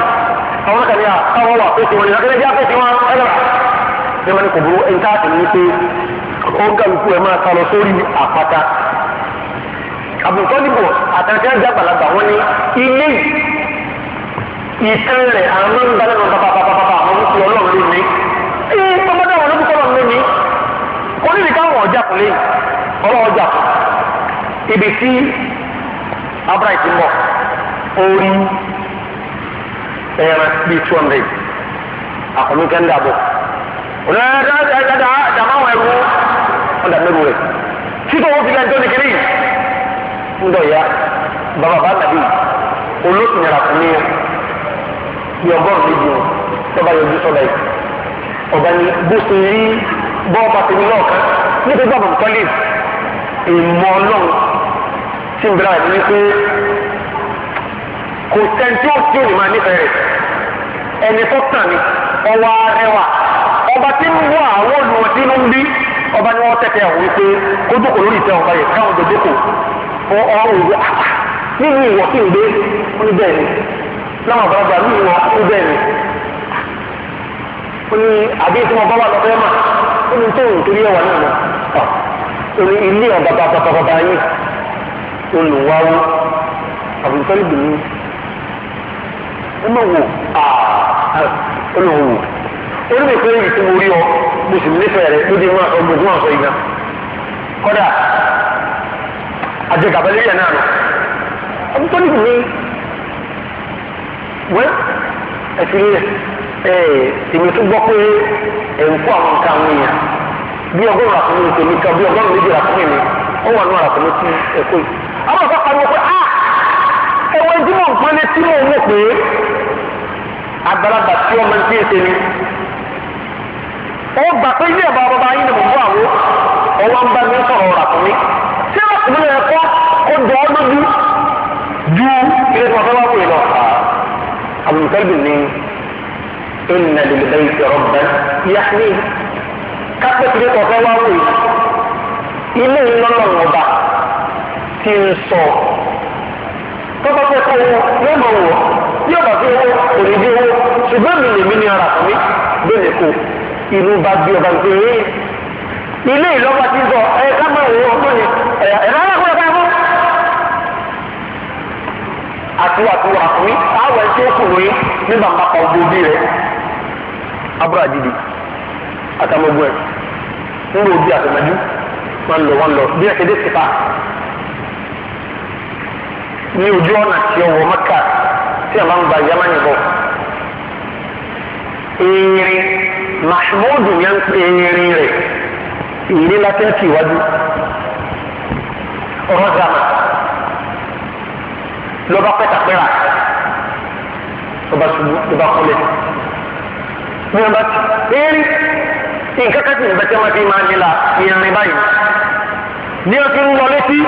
àwọn kan ní à káwọn wà pèsè wọn ní ọkẹlẹ bí apèsè wọn ẹgbẹ̀rún ní wọn ni kò burú ẹni káàtì ní pé ó ń kálukú ẹ máa sálọ sórí àpáta àbùkọ́dìbò àtẹnudẹ́ àgbàlagbà wọn ni ilé ìtàn rẹ̀ àwọn máa ń balẹ̀ nù pàpàpàpàpà àwọn mú ti ọlọ́run lé ní. ee ọmọdé àwọn olókùn tọ́lọ̀ lé ní. wọ́n níbi káwọn ọjà kò lé ọlọ́wọ́ ọjà kò. ibi tí abrahamu mọ̀ orí ẹran bíi two hundred àkọ́mí kẹ́ńdà bọ̀ ọ̀nà ẹ̀dá dàmáwọ̀ ẹ̀rú ọ̀dà mẹ́rù rẹ̀ títọ́ wọn fi lẹ́jọ́ ní kiri ńdọ̀ ya bàbá bá nàbí olóṣèlérà fún mi bí ọgọ́rùn méjì o tọ́ba yọjú sọ́dà yìí ọba ni bó ṣe rí bọ́ọ̀bà tèmi náà kan nítorí bàbá nǹkan lè èèmọ̀ ọlọ́run tí ń bẹ̀rẹ̀ àti wípé kò sẹ́ńtì òtí òní máa nífẹ̀ẹ́ rẹ̀ ẹni tó tàn ní ọwọ́ arẹwà ọba tí ń wọ àwọn ń bí ọba ni wọ́n tẹ̀tẹ̀ lórí ọba yẹn káwọn ọ ọrùn ah, ah, nínú ìwọ gbé ni láwọn ní ìwọ ni ó ní tí wọn bá wà lọ́fẹ́ mà ó ní tóun torí ẹwà náà ó ní ilé ọ̀gá bàbà bàbà yìí olùwàwọ̀ Ah, nínú yìí tí mo rí ọ mo sì nífẹ̀ẹ́ rẹ lóde ọgbọ̀n wọn sọ yìí náà kọ́dà àjẹgàbẹ́lẹ́ yẹn náà nù ọdún tó nìkú ní wọ́n ẹ̀sìn yẹn èmi tó gbọ́ pé ẹ̀ǹkú àwọn nǹkan àwọn èèyàn bí ọgọ́rùn-ún tèmi kan bí ọgọ́rùn ẹwọ́n tí mò ń pọ́nlé tí mò ń mọ̀ pé àgbàlagbà tí ọmọ ti ṣe ni ó gbà pé ilé ẹ̀bà bàbá yín ni mò ń bọ̀ ọwọ́ ń bá mi sọ̀rọ̀ rà fún mi tí wọ́n kùn lè kọ́ kó jọ ọ́ lójú ju ilé tí wọ́n fẹ́ wá wòye lọ. àwọn ìtẹ́gbìn ni ìnà lè bẹ́ẹ̀ ìṣòro bẹ́ẹ̀ yá ní kápẹ́ tí wọ́n fẹ́ wá wòye ilé ìlọ́lọ́ ọba ti ń sọ tọ́ba fẹ́ kó owó yóò máa wọ̀ bí ọba fẹ́ owó kò ní bí owó ṣùgbọ́n mi lèmi ní ara fún mi bẹ́ẹ̀ kó ìlú bá bí ọba gbé e ilé ìlọ́ba ti sọ ẹ ká máa wọ ọdún yẹn ẹ̀yà ẹ̀rọ alákùnrin bá mú. àtiwàtiwà fún mi àwọn ẹni tó kù lóyún ní bàbá kan rẹ abúlé àdìdì àtàwọn ọgbọ́n ẹ̀ ń lò ó bí àtẹ̀mẹ́jú wọn lọ wọn lọ bí ẹ̀kẹ́dẹ́ ti pa ní ojú ọ̀nà tí ó wọ mẹ́kà tí a máa ń gba yamani bọ̀. Èrè Mahmoud yẹn ń pè èrè rẹ̀ èrè látẹ́ẹ̀tì iwájú. Rọ́dàmà lọ́ba pẹ́tàpẹ́rà lọ́ba ṣubú lọ́ba kọ́lẹ̀. Bí wọ́n bá ti èrè nǹkan kan ti ń bẹ́tẹ́ wọn fi máa nílà ìrìn báyìí. Ní o ń lọ létí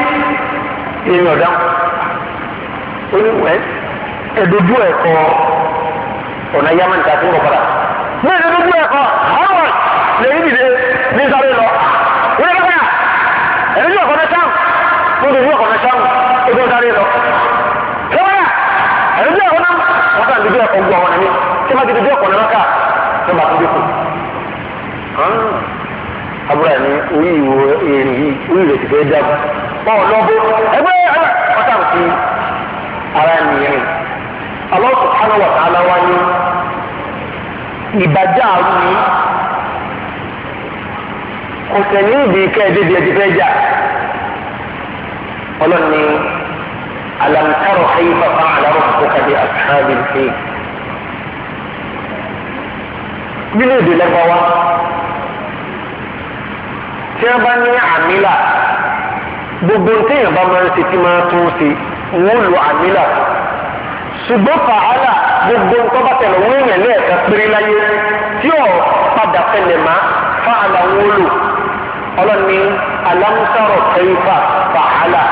èrè ọ̀dáhùn oníwẹ̀ ẹ̀dójú ẹ̀kọ́ ọ̀nà yamani ta ti ń bọ̀ padà ní ẹ̀dójú ẹ̀kọ́ àwọn lèyí dìde ní sáré lọ wọ́n yẹ kọ́kọ́ yà ẹ̀dójú ẹ̀kọ́ náà sáwọn wọ́n dojú ẹ̀kọ́ náà sáwọn ebi ń sáré lọ kọ́kọ́ yà ẹ̀dójú ẹ̀kọ́ náà wọ́n sàn dojú ẹ̀kọ́ gbọ́ àwọn ẹ̀mí tí wọ́n ti dojú ẹ̀kọ́ náà ká ní bàtà tó dẹ́kun abúlé ní orí ara nìyẹn Allah subhanahu wa ta'ala wá ní ìbàjá àrùn yìí kò sẹ̀ní ìdí kẹ́ẹ̀débi ẹ̀dí fẹ́ jà ọlọ́ni alam tara kayfa fa'ala rabbuka bi ashabil fil nínú èdè lẹ́kọ̀ọ́ wa tí wọ́n bá ní àmìlà gbogbo téèyàn bá máa ń ṣe tí máa tún ṣe wọ́n lo àmìlà ṣùgbọ́n fàhálà gbogbo nǹkan bá tẹ̀lé wọ́n yàn lẹ́ẹ̀kan péré láyé tí ò padà fẹlẹ̀ má fàhálà wọn lò ọlọ́ni alámúsàrọ̀ kẹfà fàhálà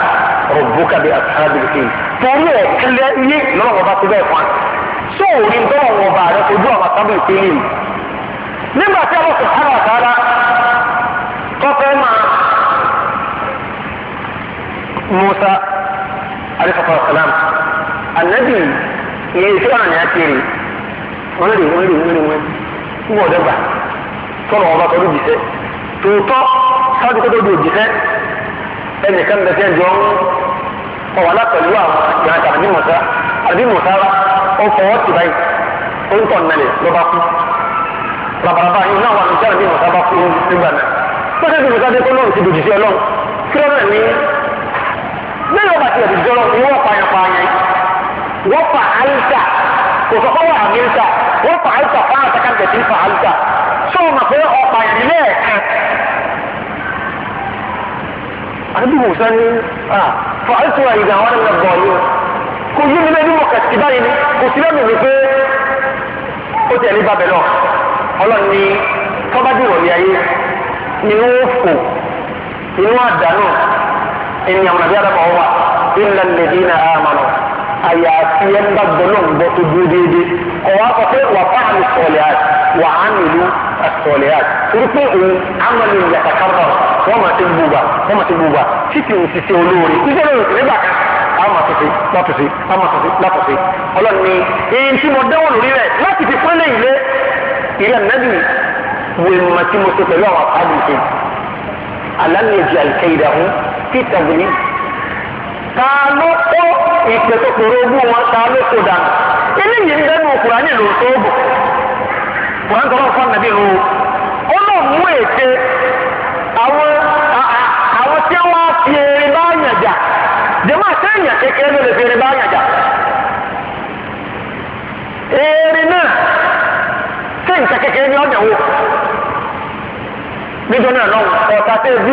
rọ̀bùkà bí àtàbíyì torí ẹ̀ kílẹ̀ yé lọ́wọ́ bá tó bẹ́ẹ̀ fún wa sóòrí ń tọ́wọ́ wọn bá rẹ ojú àwọn àtàbíyì pé nígbà tí a lọ sọ hàrà ìyẹn ìfẹ́ ọ̀nà yẹn kiri wọ́n lè wọ́n lè wọ́n lè wọ́n ń wọ̀ dọ́gba tọ́lọ̀ wọn bá tọ́lú jìṣẹ́ tòótọ́ sáájú kó tó di òjìṣẹ́ ẹnìkan bẹ fẹ́ jọ ń ọ̀wà látọ̀lú àwọn ìrántà àbí mọ̀sá àbí mọ̀sá ó fọwọ́ sí báyìí ó ń tọ̀ nálẹ̀ ló bá kú labaraba yìí náà wà nígbà bí mọ̀sá bá kú nígbà náà pẹ́sẹ́ bí mọ̀sá wọ́n fa àlùkà kò sọ fọwọ́ àmìlùkà wọ́n fa àlùkà fún àtàkà gẹ̀dì fa àlùkà sọ̀rọ̀ mà pé ọ̀pá ìdílé ẹ̀ka. àdúgbò musa ní fa àlùkà ìgbà wọn nà bọ̀ yìí kò yí mi lé ní mọ̀kà sí báyìí kò sí lẹ́nu mi pé ó tẹ̀lé bàbẹ̀ náà ọlọ́ni tọ́bádì wọ̀nyí ayé ni wọ́n fò inú àdánù ènìyàn nàbí àdàbọ̀ wà ilẹ̀ lẹ́dínà àmàlù àyàfi ẹ bá gbọ́nà ń bọ́ tó dúró déédéé kọ̀ wá sọ pé wà fà mí sọ̀lẹ̀ àt wà á nílùú àsọ̀lẹ̀ àt torí pé òun amọ̀lẹ̀ ìyàtà kábà wọ́n máa ti gbùgbà wọ́n máa ti gbùgbà títí òun ṣiṣẹ́ olóore ṣiṣẹ́ olóore sì nígbà kan àmà tuntun látùsí àmà tuntun látùsí ọlọ́ni èyí tí mo dánwò lórí rẹ̀ láti fi pínlẹ̀ ilé ilé nàbì wèémà tí mo ṣe pẹ̀lú àwọn àpáàdì ṣe alámì ìjì àlùkẹ́ ìdààmú tí ìtàgùn ní. ta ló kọ́ ìpè tó pèrè ogún wọn ta ló kó ndị eléyìí ń dẹnu Kùránì ló ń tó bò Kùránì tó lọ́n fún ànàbí o ó lọ mú ète àwọn àwọn tí wọn fi eré bá yàn jà jẹmọ kékeré ló lè fi eré bá eré náà nǹkan kékeré ni wò náà ọ̀tà bí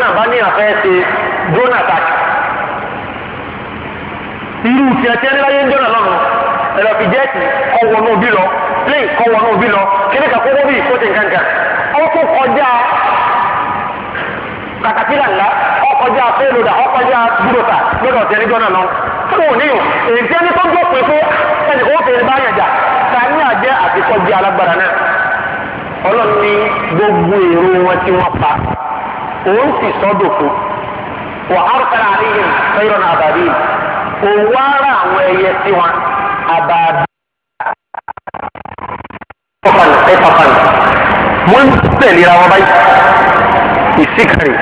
náà bá ní àfẹ́ ṣe irú tiẹ̀ tiẹ̀ níláyé ń jọ́nà lọ́nu ẹ̀rọ fi jẹ́ẹ̀tì kọ̀wọ́ náà bí lọ plane kọ̀wọ́ náà bí lọ kíní kan kówó bí ìkóte gángan ọkọ̀ kọjá ńlá ọkọjá ọkọjá fún òní èyí tí pé fún ẹni ó bá ní alágbára náà ọlọ́run ní gbogbo èrò wọn tí pa òun sì sọ́dọ̀ òun á rà àwọn ẹyẹ sí wọn àbàdà. ẹ̀fọ̀kànlẹ̀ ẹ̀fọ̀kànlẹ̀ wọ́n ń tẹ̀léra wọn báyìí ìsíkàrì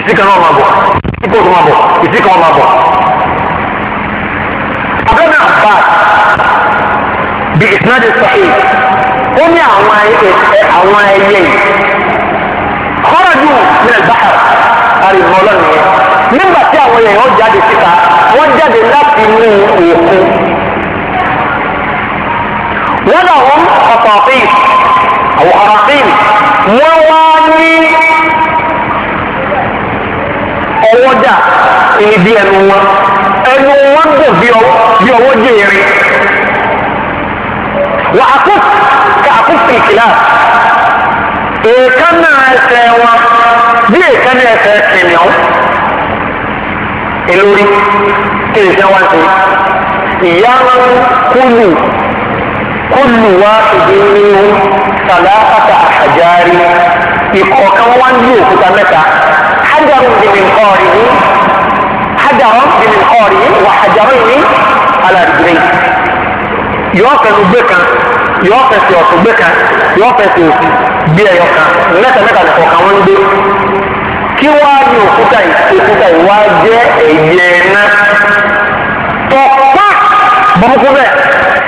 ìsíkàrì wọn máa bọ̀ ipò tó máa bọ̀ ìsíkàrì wọn máa bọ̀. abẹ́rẹ́ àbá bí ìsinadé sọ̀hìn ó ní àwọn ẹyẹ yìí kọ́rọ̀ ju ìrẹ̀lẹ̀ báyà àrìmọ́ lọ́nìyẹn nígbà tí àwọn ẹyẹ yìí ó jáde síta wọ́n jáde láti inú òkun. wọ́n náà wọ́n ọ̀tọ̀ọ̀fìn àwọn ọ̀rọ̀fìn wọ́n wá ní ọwọ́jà ibi ẹnu wọn ẹnu wọn dùn bí ọwọ́ jèrè. wà á kó ká a kó fìkìlá èèkánná ẹsẹ̀ wọn bí èèkánná ẹsẹ̀ kìnìún elórí kí ni sẹ́wọ́n ṣe ìyá kúlù kúlù wá ìdí nínú sàlàkàtà àjàrí ìkọ̀ọ̀kan wá ń lé òkúta mẹ́ta hajaru bìnrin kọ́ọ̀rì ní hajaru bìnrin kọ́ọ̀rì ní wà hajaru ní alàdìrẹ́ yọ̀ọ́ fẹ́ gbé kan yọ̀ọ́ fẹ́ sí ọ̀tún gbé kan yọ̀ọ́ fẹ́ sí òsì bí ẹ̀yọ̀ kan mẹ́ta mẹ́ta nìkọ̀ọ̀kan wọ́n ń gbé kí wàá ní òkúta òkúta ìwà jẹ́ ẹ̀yẹ iná tọ̀pá burúkú bẹ́ẹ̀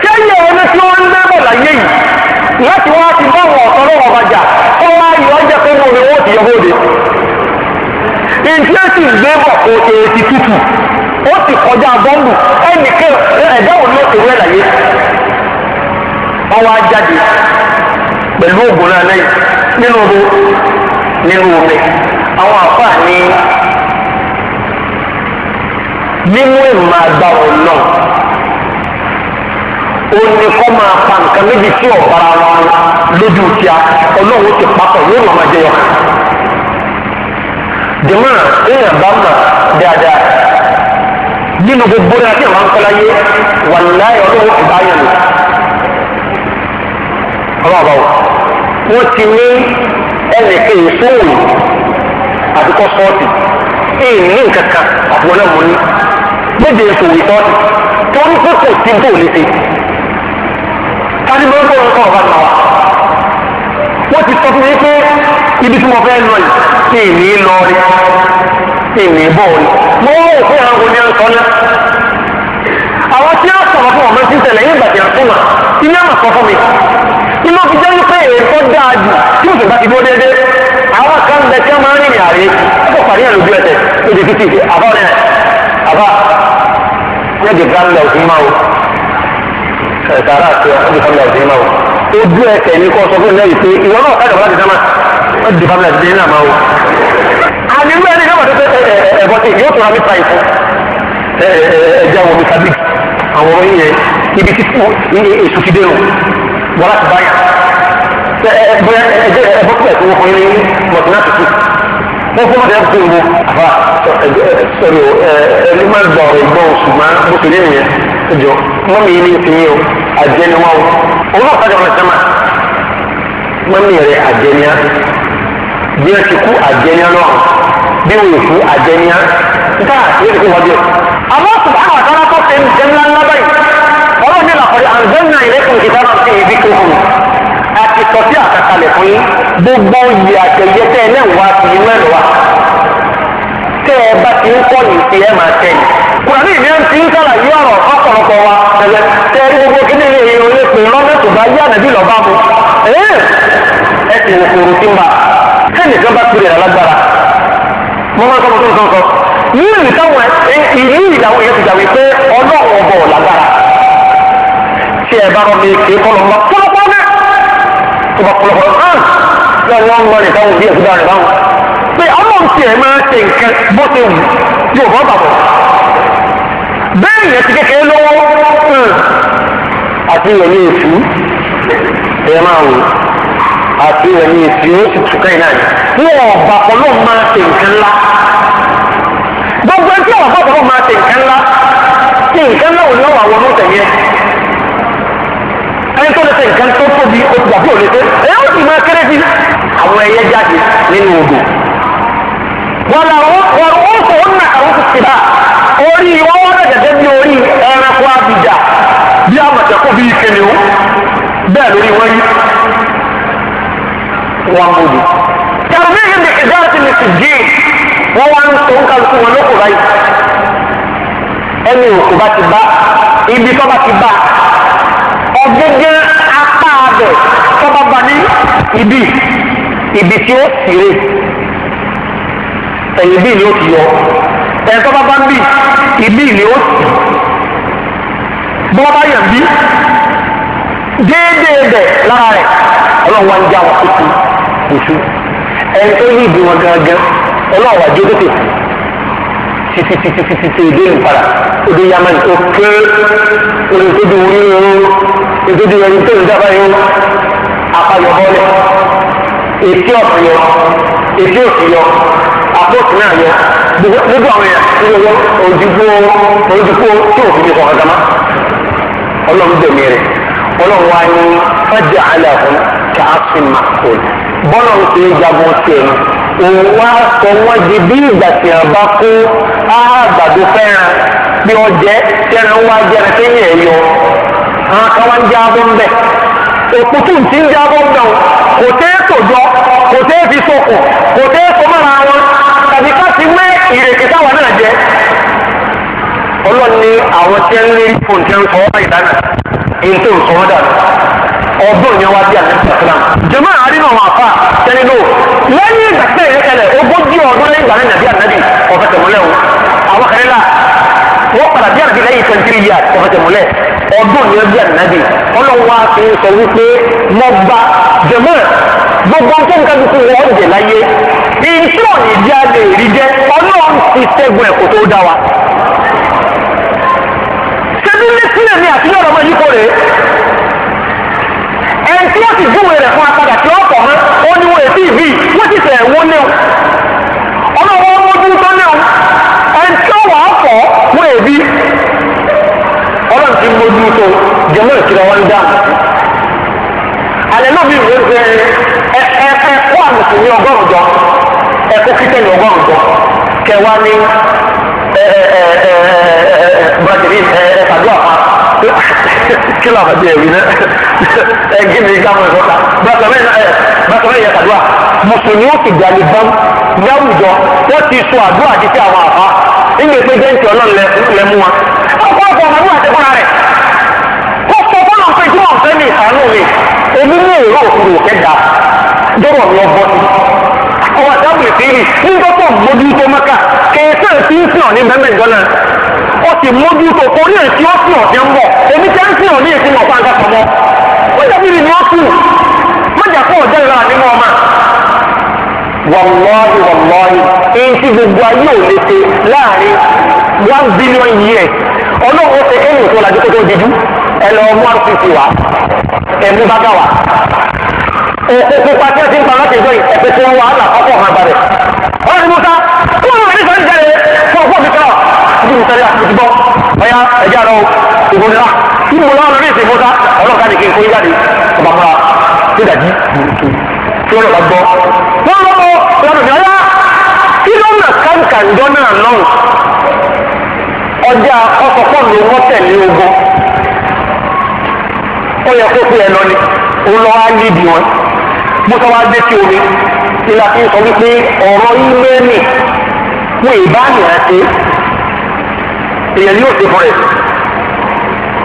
kẹ́yìn ọ̀nà tí wọ́n ń dábọ̀ láyé yìí láti wá ti bá wọn ọ̀tọ̀ lọ́wọ́ ọ̀bàjà kó wá yọ ọjà pé wọn ò ní wọ́n ti yọ bóde ìjẹ́ sì gbé bọ̀ kó èsì tútù ó sì kọjá bọ́ǹdù ẹnìkan ẹ̀dá òun ló ti wẹ́ láyé wọ́n wá jáde ògùn náà lẹ́yìn nínú omi nínú omi àwọn àfáà ni? mímú ìmọ̀ àgbà ọ̀nà òní kọ́ máa pa nǹkan méjì tí ọ̀bára wọn lójú kíá ọlọ́run ti papọ̀ yóò máa máa jẹyọ. jẹ̀mọ́ èèyàn bá mà dáadáa nínú gbogbo rẹ̀ àti àwọn akọ́láyé wà láyé ọlọ́run ti bá yẹn lò. ọlọ́run wọ́n ti ní ẹnì kejì sóhùn àti kọ́ sọ́ọ̀tì èyí ní nǹkan kan àti wọn náà mú ní méje sòwò ìtọ́ọ̀tì torí pé kò sí tó lè ṣe tani ló ń bọ̀ nǹkan ọ̀gá náà wà wọ́n ti sọ fún mi pé ibi tí mo fẹ́ lọ yìí èmi lọ rí èmi bọ̀ rí mo wọ́n wò fún àwọn oníyàn sọ náà àwọn tí wọ́n sọ̀rọ̀ fún ọmọ sí ṣẹlẹ̀ yín bàtì àtúnmà iná mà sọ fún mi iná fi jẹ́ wípé èèyàn dáa jù tí mo bá ti dúró déédéé ń bẹ tí wọ́n máa ń rìnrìn àárẹ̀ kó pàdéyàn lójú ẹsẹ̀ lójú títì ṣe àbá ọ̀nà àbá wọ́n di gánlẹ̀ òfin máa o ẹ̀sàrà àti wọ́n di gánlẹ̀ òfin máa o ojú ẹsẹ̀ ní kó sọ fún ilé yìí pé ìwọ náà kájọ̀ láti dáná wọ́n di gánlẹ̀ òfin náà máa o. àmì ń bẹ́ẹ̀ ni yóò tó ẹ̀bọ̀ tí yóò tura mi pa ìfún ẹ̀jẹ̀ àwọn omi sábì àwọn ọmọ yìí yẹn ibi tí èso ti dé o wọ́n láti báyà. bóyá ẹjẹ ẹbọ tí ẹsùn wọn fún yín ní mọtìnátìsì wọn fún mọtìnátìsì tó ń bo àfa sọ̀rọ̀ ẹni máa gba ọ̀rọ̀ ìgbọ oṣù máa bó ṣe léyìn yẹn ẹjọ mọmi yìí ní ìsinyìí o àjẹni wọn o òun náà kájọ máa sẹmà mọmi rẹ àjẹniá bí wọn ti kú àjẹniá náà bí wọn yìí kú àjẹniá sọ sí àkàkalẹ̀ fún yín gbogbo oyè àtẹ̀yẹ tẹ́ ẹ náà wá sí inú ẹ̀rọ wa tẹ́ ẹ bá ti ń kọ́ yìí sí ẹ máa tẹ̀ kùràní ìní ń ti ń sàlàyé ọ̀rọ̀ ọ̀pọ̀lọpọ̀ wa ẹ̀lẹ́ tẹ́ ẹ gbogbo kíní ní èèyàn olè pè lọ́nà tó bá yé ànábì lọ́ bá mu. ẹ sì wò kòrò sí ma sẹ́nìkan bá pèrè alágbára mo máa sọ fún sọ́kọ́ ní ìtàwọn tó bá kọlọkọlọ Jangan lọ́wọ́ wọn dia sudah òbí ẹ̀sùn dára nìkan pé ọmọ ti ẹ̀ máa ṣe nǹkan bó ṣe wù ní òbọ̀ bàbọ̀ bẹ́ẹ̀ yẹn ti kékeré lọ́wọ́ àti ìyẹn ní èsù ẹ̀ máa wù àti ìyẹn ní èsù yóò sì tù káyìn náà ni wọn ọ̀bà pọ̀lọ́ máa ṣe nǹkan ńlá gbogbo tóbi ó ti dàbí òlété èyí ó sì máa kéré sí àwọn ẹyẹ jáde nínú odò. wọn làwọn ọrùn ó sọ wọn náà àwọn ti bá orí wọn wọn dàgẹ́gẹ́ bí orí ẹranko abidà bí amọ̀tẹ́kù bí kìnìún bẹ́ẹ̀ lórí wọn yí wọn bòdì. tàbí ìdí ìdára ti lè ti dì í wá ń tó ń kálukú wọn lóko báyìí ẹni òkú bá ti bá ibi tó bá ti bá ọgẹ́gẹ́ bẹ̀ tọ́ba bá ní ibi ibi tí ó sèré ẹ̀yìn bíi ni ó ti yọ ẹ̀ tọ́ba bá ń ibi ni ó sì bọ́ba yàn bí déédéé bẹ̀ lára rẹ̀ ọlọ́run wá ń já wọn kúkú kùsù ẹ̀ tó ní ìdí wọn gángan ọlọ́run wá jó tètè títítítítítí ìdí ìpadà ó dé yamani ó ké orin tó dùn ún ní ìdójú yẹn tó ń dábàá yẹn apayọ bọ́lẹ̀ etí ọ̀sán yọ etí òsì yọ àpótí náà yọ gbogbo àwọn yẹn ń yọ ojúgbó ojúgbó tí òfin ní kọ̀ọ̀kan dama ọlọ́run dẹ̀ mìíràn ọlọ́run wá ní ọjà àlẹ́ ọ̀hún kí a fi máa kó bọ́lá ń ṣe jagun tiẹ̀ ni òun wá sọ wọ́n di bí ìgbà tí a bá kó àgbàdo fẹ́ràn bí ọjẹ́ tẹ́ran wá jẹ́ran kéèyàn yọ hàn káwá ń jábọ́ ń bẹ̀ òkútù tí ń jábọ́ ń bẹ̀ kò tẹ́ tòjọ́ kò tẹ́ fi sokùn kò tẹ́ sọmọ́ra wọn tàbí ká ti wé ìrèké táwọn náà jẹ ọlọ́ni àwọn tí ń lé fún tí ọ́ ìdáná èyí tó ọdún yẹn wá bí àlejò islam jẹmọ àárínà wọn àfa tẹni lò lẹ́yìn ìgbà tẹ ẹ ẹlẹ ogójì ọdún lẹ́yìn ìgbà náà nàbí ànábì ọfẹsẹmọlẹ o àwọn wọ́n padà bí ànábì lẹ́yìn sẹ́ńtírì yíyà ọ̀fẹ̀tẹ̀ múlẹ̀ ọdún ni wọ́n bí ànábì ọlọ́run wá fi sọ wípé mo gba jẹ̀mọ́ gbogbo nǹkan kan tó wọ́n jẹ̀ láyé iṣẹ́ òní jẹ́ alẹ́ rí jẹ́ ọlọ́run ti ṣẹ́gun ẹ̀kọ́ tó dá wa. ṣé bí lẹ́sílẹ̀ ni àti lọ́rọ̀ ọmọ yìí kò rèé ẹni tí wọ́n ti júwe rẹ̀ fún apadà tí wọ́n kọ̀ mọ́ ó ní wọ́n èsì ìbí ti mójú tó jẹmọ́ ìkìlọ̀ wọn dáhùn sí. alẹ́ ló bí ìwé ṣe ẹ ẹ kó àmùsùn ní ọgọ́rùn jọ ẹ kó kíkẹ́ ní ọgọ́rùn jọ kẹwàá ní ẹ ẹ ẹ ẹ brazil ẹ ẹ tàbí àpá kí ló àbàdé ẹ̀rí náà ẹ gí mi ká mọ ẹ̀kọ́ ká bàtàmẹ́ ẹ bàtàmẹ́ yẹ kàdúrà mùsùlùmí ó ti gbàlè bán láwùjọ wọ́n ti sọ àdúrà ti fi àwọn àfa nígbà pé jẹ́ǹtì ọlọ́run lẹ mú wa. ọkọ̀ ọkọ̀ ọmọ ìwà àti fúnra rẹ̀ fi kí wọn fẹ́ mi ìsànú mi ebi ní èrò òkúrò kẹta dọ́rọ̀ mi ọgbọ́n ni. ọwọ́ àtàbùlẹ̀ fi rí nígbàtọ̀ mójútó mẹ́ka kẹ̀kẹ́ tí ń sìn ọ́ ní mẹ́mẹ́ dọ́là ó sì mójútó orí ẹ̀ tí ó sìn ọ́ ti ń bọ̀ èmi tẹ́ ń sìn ọ́ ní èsì mọ̀ fáńgá sọmọ́. wọ́n dàbí ni wọ́n kù mọ́jà fún ọ̀jẹ́ ìlànà nínú ọmọ. wàlọ́ọ̀hì wàlọ́ọ̀hì èyí tí gbogbo ayé ò lè ṣe láàrin one billion years ọlọ́run ó ṣe kéyìn tó lajú kó tó dijú ẹ lọ mú àtúntì wá ẹ mú bàtà wá òkú pupa tí wọ́n ti ń pa láti ìjọ yìí ẹ̀fẹ̀ tí wọ́n wà á là ọkọ̀ ọ̀hún àgbàdẹ. wọ́n ti mú ká kí wọ́n lè sọ́ni jáde fún ọkọ̀ mi kọ́ ibi mi sọ́ni àti ìdìbọ́ ọ̀yá ẹ̀já lọ ìbò nira ìbò lọ́wọ́ lórí ìsìn ìbòsá ọlọ́ọ̀ká ni kó yí jáde ọba múra tó dàjí tí wọ́n lọ́ba gbọ́. wọ́n lọ́wọ́ lọ́dọ̀dọ̀ kí ló ń nà káńkà ńjọ́ náà náà ọjà ọkọ̀ pọ̀ ló ń wọ́ tẹ̀lé ogun ó yẹ kó fi ẹ lọ ni òun lọ wá níbi wọn bó sọ wá dé sí omi ìlà fi sọ wípé ọ̀rọ̀ ìmẹ́ẹ̀nì fún ìbáàmì àti èèyàn yóò ṣe fún rẹ̀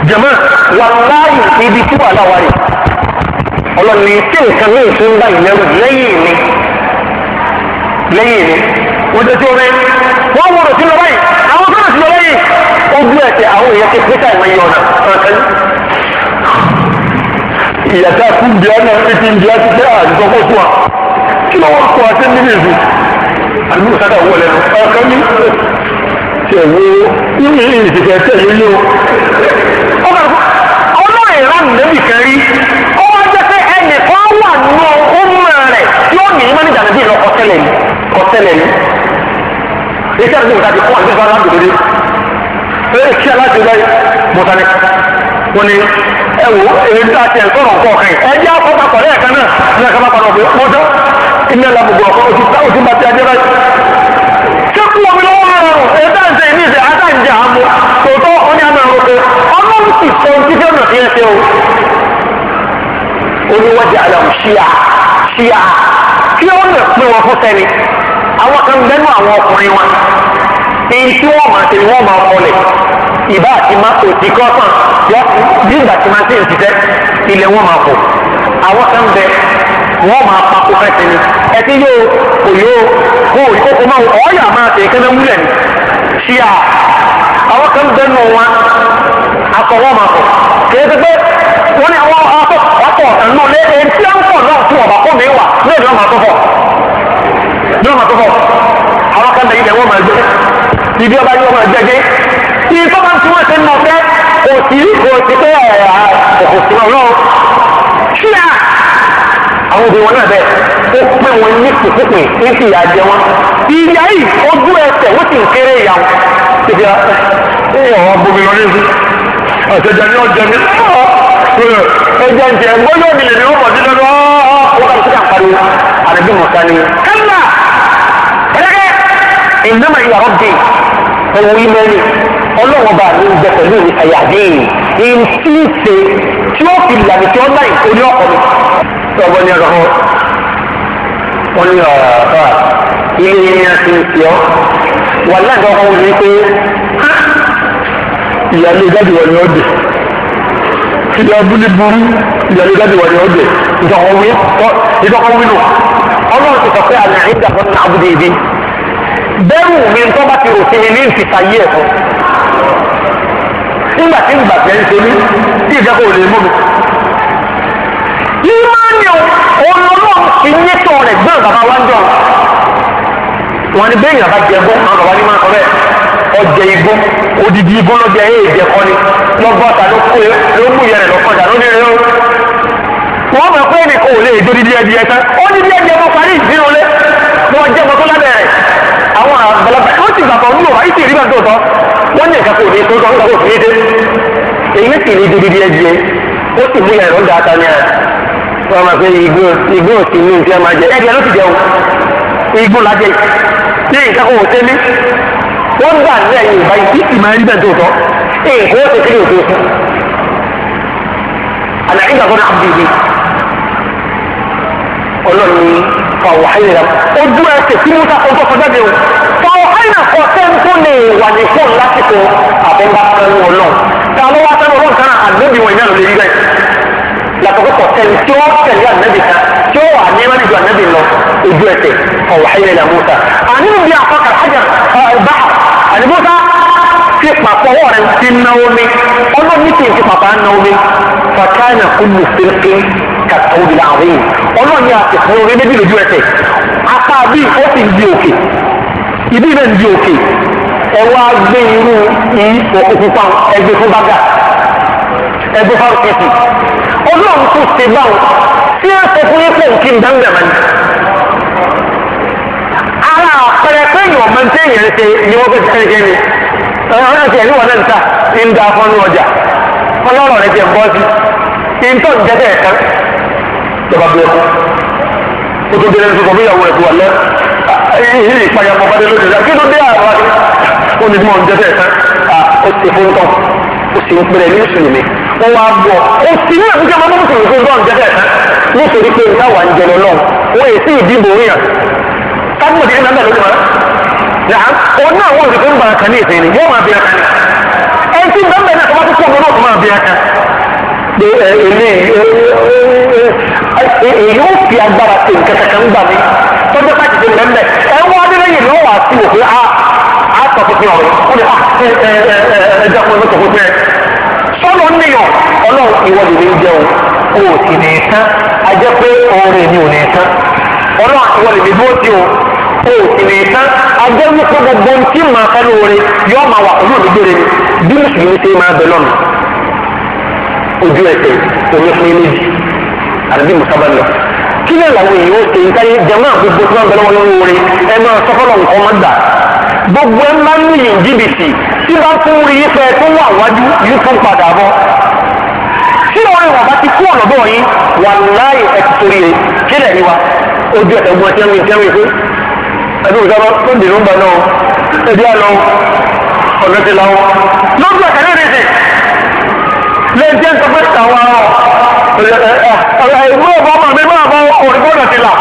jẹ̀mọ́ wàláyì ibi tí wàhálà wà rẹ̀ ọlọ́ni tí nǹkan ní ìfún báyìí lẹ́rù lẹ́yìn mi lẹ́yìn mi wọ́n tẹ́tí omi wọ́n wọ̀rọ̀ sí lọ báyìí àwọn fẹ́rẹ̀ sí lọ báyìí ojú ẹ̀sẹ̀ àwọn èèyàn ti pín sáì ọ̀nà kankan ìyàtà fún bíọ́ náà fífi ń bíọ́ títí àdìsọ́ fún fún wa kí ló wọ́n kọ́ àti nínú ìlú àdúgbò sábà wọ̀ lẹ́nu ọ̀kan ní tiẹ̀ wo yíyí ìdìbò ẹ̀tẹ̀ yìí ni o. ọlọ́run ìran nẹ́bì kan rí ó wá jẹ́ pé ẹnì kan wà nù ọmọ rẹ̀ tí ó ní ìmọ̀ nígbà níbi ìlọ́kọ̀ tẹ́lẹ̀ ní kọ́ tẹ́lẹ̀ ní. iṣẹ́ àti ìwòsàn ti kọ́ àti ìfọwọ́sán àgbègbè rẹ̀. ẹ wọn ni ẹ wo èyí tá a tiẹ̀ sọ̀rọ̀ nǹkan ọ̀kan yìí ẹ jẹ́ àkọ́kọ́ lẹ́ẹ̀kan náà ní ẹ̀ka bá padà ọ̀gbìn ọjọ́ ilé làbùgbọ̀ ọ̀kan oṣù tá oṣù bá ti ajẹ́ báyìí. ṣé kú omi lọ́wọ́ rọrùn èyí tá à ń sẹ́ ní ìsẹ̀ ajá ń jà á mu tòótọ́ ó ní àmì àròkè ọmọ mi sì sọ ojú fẹ́ mọ̀ fíẹ́ ṣe o. oníwájú àlàm ṣíà ṣíà kí ó lè pín wọn fún sẹ́ni àwọn kan gbẹ́nu àwọn ọkùnrin wọn èyí tí wọ́n máa ṣe ni wọ́n máa kọ́lẹ̀ ìbá àti má òtí kọ́sàn yọ nígbà tí máa ń tẹ̀sí tẹ́ ilẹ̀ wọn máa fò àwọn kan bẹ wọn máa pa kó fẹsẹ̀ ni ẹtí yóò òyò kó òyìnbó máa ọ̀ọ́yà máa tẹ̀ kẹ́mẹ́ múlẹ̀ ni ṣíà àwọn kan bẹ nù wọn akọ wọn máa fò kìí ṣe pé wọn ni àwọn akọ ọkọ ẹnu lé èyí tí wọn pọ̀ náà fún ọ̀bà kó mi wà ní ìlú ọmọ àtọ́fọ̀ ní ọmọ àtọ́fọ̀ àwọn kan bẹ yìí wọn máa gbé ibi ọba yìí wọn máa gbé ẹgbẹ́ ìyíkò ti pé ẹ̀ẹ́dẹ̀sìn ọlọ́run ṣíà àwọn obìnrin wọn náà bẹ́ẹ̀ ó pé wọn ní kùkùkù ní ti ìyá jẹ wọn ìyá yìí ojú ẹsẹ̀ wọ́n sì ń kéré ìyá wọn. ṣèbí ẹ ọ̀rọ̀ bomi lọ níbi àtẹ̀jẹ̀ ni ọ̀jẹ̀ mi ẹ̀jẹ̀ ń jẹ gbọ́dọ̀ mi lè ní ó bọ̀dí lọ́dọ̀ ó kà sí àpariwo àdàbí mọ̀ta ni. kálá ẹ̀rẹ́gẹ́ ìnáwó ìyàrá dé ẹ̀wù ìmẹ́lì ọlọ́run bá mi ń bẹ pẹ̀lú mi àyàdéyìn èyí tí ń ṣe tí ó fi lànà tí ó ń láì orí ọkọ mi. ọgbọ́n ní ọ̀rọ̀ wọn ní ọ̀rọ̀ àbá ilé ní a ti ń fi ọ́ wà láǹkà ọkọ wọn ní pé ìyàlẹ́ ìjáde wọ̀ ní ọ̀dẹ̀ ìyá abúlé burú ìyàlẹ́ ìjáde wọ̀ ní ọ̀dẹ̀ ìdọ̀kọ̀ wí nù ọlọ́run ti sọ pé àlẹ́ àìjà fún àbúdé ibi bẹ́rù mi ń tọ́ bá ti rò sí mi ìfìsàyé ẹ̀kọ́ nígbà tí ìgbà tẹ̀ ń ṣe mí tí ìjọba ò lè mú mi. ìmọ̀ọ́nì olólùwà ti ní tọ̀ rẹ̀ gbọ́n bàbá wa ń jọ. wọn ni bẹ́ẹ̀ yàrá jẹ gbọ́ àwọn bàbá ní máa sọ bẹ́ẹ̀ ọjẹ igbó odidi igbó lọjẹ ẹ èjẹ kọ ni lọgọta ló kó ló mú yẹrẹ lọkọjà lórí rẹ o wọn mọ pé ẹnì kan ò lè dé dídí ẹdí ẹtẹ ó dídí ẹdí ẹmọ parí ìdí olé wọn jẹ mọtò lábẹ́ rẹ̀ àwọn àgbàlagbà sì gbàgbọ́ ń lò ráyè sì rí bàtò tọ́ wọ́n ní ẹ̀ka kò ní tó tọ́ ń gbàgbọ́ òfin dé èyí sì ní dídí ẹ̀jẹ̀ ó sì mú yàrá ọ̀dà ata ní ara wọ́n máa fi igbó igbó sí inú ìfẹ́ máa jẹ ẹ̀jẹ̀ ló ti jẹun igbó lájẹ ní ìka kò tẹ́ mí wọ́n gbà ní ẹ̀yìn ìbá yìí sì máa rí bàtò tọ́ èkó ó ti kí ni òfin àlàyé ìgbàgbọ́ náà ọlọ́run ni fàwọ̀ ayé rẹ̀ ó lẹ́yìn àkọ́kọ́ tó lè wà ní fún lásìkò àbọ̀nbá pẹ̀lú ọlọ́run tá a lọ wá sẹ́nu ọlọ́run kan àgbẹ̀bí wọn ìnáwó lè rí bẹ́ẹ̀ yàtọ̀ kọ́ tẹ̀lé tí ó tẹ̀lé ànábì kan tí ó wà ní ẹ̀rọ ànábì lọ ojú ẹsẹ̀ ọ̀wà ayẹyẹ la Musa àní bí afọ́kà hajar ọ̀bá àní Musa ti pàpọ̀ wọ̀ rẹ̀ ti na omi ọlọ́ni ti ti pàpà na omi fàkàyàn kúlù fèrèkè kàtàwó di láàrin ọlọ́ni àti fún orí méjì lójú ẹsẹ̀ apá bíi ó sì di òkè ìdí náà ń di òkè ẹ wá gbé irú òkúpa ẹgbẹ́ fún bàgà ẹgbẹ́ fún kìkì ọlọ́run tó ṣe báwọn tí ẹ sọ fún yín pé òkè ń dáńgbà máa ní. ara àpẹẹrẹ pé èèyàn máa ń tẹ èèyàn ṣe ni wọ́n fẹ́ ṣe ṣe ni ọ̀rọ̀ náà ti ẹ̀rí wọ̀ náà ń ta ń da afọ́nú ọjà ọlọ́rọ̀ rẹ̀ jẹ́ bọ́ọ̀sì ìntọ́ ìjẹ́tẹ̀ ẹ̀ka ìjọba bí ẹ̀kú ó tó dé lẹ́nu tó sọ fún ìyàwó ẹ̀kú wà lẹ́nu yìí ìpayà bọ̀ bàdé lóde kí ló dé àbá ó ní mọ̀ njẹ́ bẹ́ẹ̀ tán ó ti fún tán ó sì ń pèrè ní mùsùlùmí ó wá bọ̀ ó sì ní àbújá máa mùsùlùmí fún tán njẹ́ bẹ́ẹ̀ tán nítorí pé nǹkan wà ń jẹ lọ lọ́wọ́ wọ́n èyí sí ìdìbò yàn tábìlì òdìdí náà lóde mọ́ náà òun náà wọ́n òdìdí ń bàrà kan ní ìsìn ni yóò máa bí ẹ̀ka ni ẹni tí bẹ́ẹ̀ bẹ́ẹ̀ náà tó bá tó kú ọmọ náà tó máa bí ẹ̀ka pé èyí tọ́jọ́ ká jìjì mẹ́mẹ́ ẹ ń wá nílẹ̀ yìí ló wà sí òfin a a tọ̀ fún ọ̀rọ̀ ó lè ẹ ẹ ẹ ẹ jẹ́ fún ọ̀rọ̀ fún ẹ. sọ́nà níyàn ọlọ́run ìwọ lè ní jẹun o ò sì ní tán a jẹ́ pé oore mi ò ní tán ọlọ́run ìwọ lè ní dúró sí o o ò sì ní tán a jẹ́ wípé gbogbo tí màá fẹ́ lóore yóò máa wà pẹ̀lú òdìgbére bí mùsùlùmí ṣe máa bẹ lọ́nà ojú ẹsẹ̀ omi fún ilé yìí àdébí musa lọ kí ni làwọn èèyàn ó ṣe nǹkan yẹn jẹun náà gbogbo tí wọn bẹ lọ́wọ́ lórí orin ẹ máa sọ fọlọ nǹkan má gbà gbogbo ẹ máa ń yìn jìbìtì tí bá tún rí ife tó wà wájú yìí tún padà bọ tí wọn rìn wà bá ti kú ọ̀nà bọ̀ yín wà láàyè ẹ ti torí e kí lẹ̀ wa ojú ẹ̀ tẹ̀gbọ́n ti ń fún ẹbí òṣèlú tó dì lóńgbà náà ẹbí àlọ́ ọ̀nà ti làwọn lọ́gbà tẹ̀lé rẹ̀ ìlú ọ̀bọ ọmọ mi máa bọ òrìbó náà ti là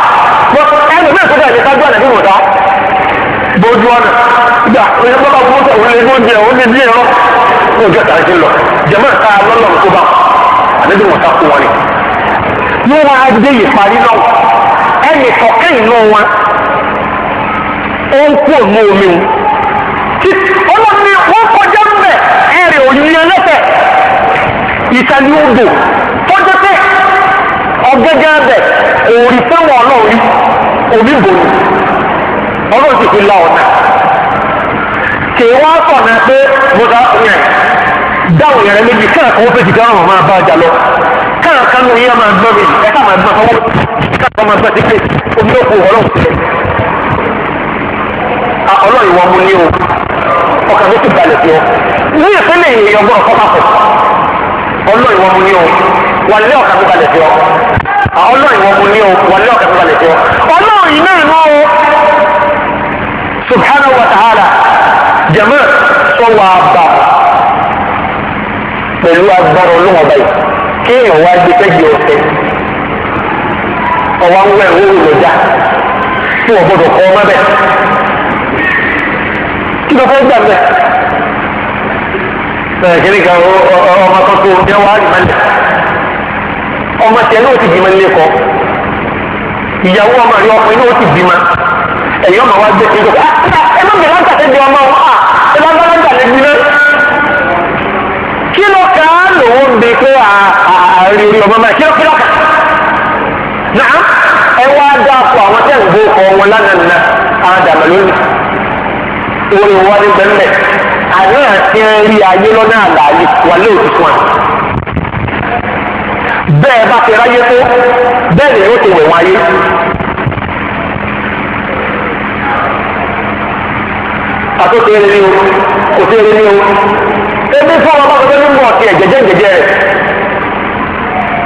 ẹnu mi ìsọdọ̀ ìlú kájú àlẹ́ bí wò dá bójú ọ̀nà gbà òye bọ́lá fún sọ̀rọ̀ ilé ló ń jẹ òun ní bí ẹ̀rọ ojú ọ̀tà rẹ̀ ti lọ jẹ̀mọ́ ìta lọ́lọ́ tó bá àlejò wọn ta kú wọn ni. wọ́n wá dé ìparí náà ẹnì kọ̀kẹ́ ìlú wọn ó ń kú òmù omi wọn ọlọ́ni wọ́n kọjá ń bẹ̀ ẹ̀rẹ̀ òyìn ẹlẹ́fẹ̀ ìtàlí odò tọ́jú ọgẹ́gẹ́ bẹ̀ òòrì fẹ́wọ̀n ọlọ́ọ̀rí òní bòní ọlọ́ọ̀ sì fi la ọ̀nà kì í wá sọ̀nà pé mo ta yẹn dáhùn yẹn méjì káàkan ó fèsì káwọn máa bá a jà lọ káàkan ní yẹn máa gbọ́ mi ẹ ká máa gbọ́ fọwọ́ káàkan máa gbọ́ sí pé omi ò kú ọlọ́ọ̀ sílẹ̀ ọlọ́ọ̀ ìwọ ní o ọkàn ló ti balẹ̀ sí ọ ní ìpínlẹ̀ èèyàn gbọ́dọ̀ fọ́pàpọ̀ ọlọ́ọ̀ ìwọ mu ní o wàlẹ́ ọ̀kà tó balẹ̀ jọ ọlọ́run ìwọ mo ní o wàlẹ́ ọ̀kà tó balẹ̀ jọ ọlọ́run iná ìlú o subhanahu wa ta'ala jẹ̀mọ́ sọ wà bá pẹ̀lú agbára olóhùn ọba yìí kéèyàn wá gbé fẹ́jì ọ̀sẹ̀ ọwọ́ ń wẹ̀ ń wúwo lọ́jà tí wọ́n gbọ́dọ̀ kọ́ ọmọ bẹ́ẹ̀ kí ló fẹ́ gbà bẹ́ẹ̀. Bẹ́ẹ̀ kí ni kan ọmọ kan tó ń jẹ́ wàhálì mẹ́lẹ̀ ọmọ tiẹ̀ náà ti bímọ nílé kọ ìyàwó ọmọ rẹ ọkùnrin náà ti bímọ ẹ̀yọ́ ọmọ wa gbé sí ìjọba ah, ah, ẹ má bẹ̀rẹ̀ láǹkà tẹ́lẹ̀ ọmọ ọ ah, ẹ má bẹ̀rẹ̀ láǹkà lè gbiná. kí ló ká lòun ń bi pé àárín orí ọmọ máa kí ló kí ló kà náà ẹ wá dá fọ àwọn tẹ̀ ń gbó kọ wọn lánàá nà àdàmà lónìí orin wọn ní bẹ́ẹ̀ àná àti ẹ rí ayé lọ́nà àlàyé wà lóòtú fún wa bẹ́ẹ̀ bá ti ráyé tó bẹ́ẹ̀ ni ó ti wẹ̀ wáyé. àtúntò ẹni ní o kò sí ẹni ní o ebi fún ọmọ kọkọ ní mú ọtí ẹjẹjẹ ẹjẹjẹ rẹ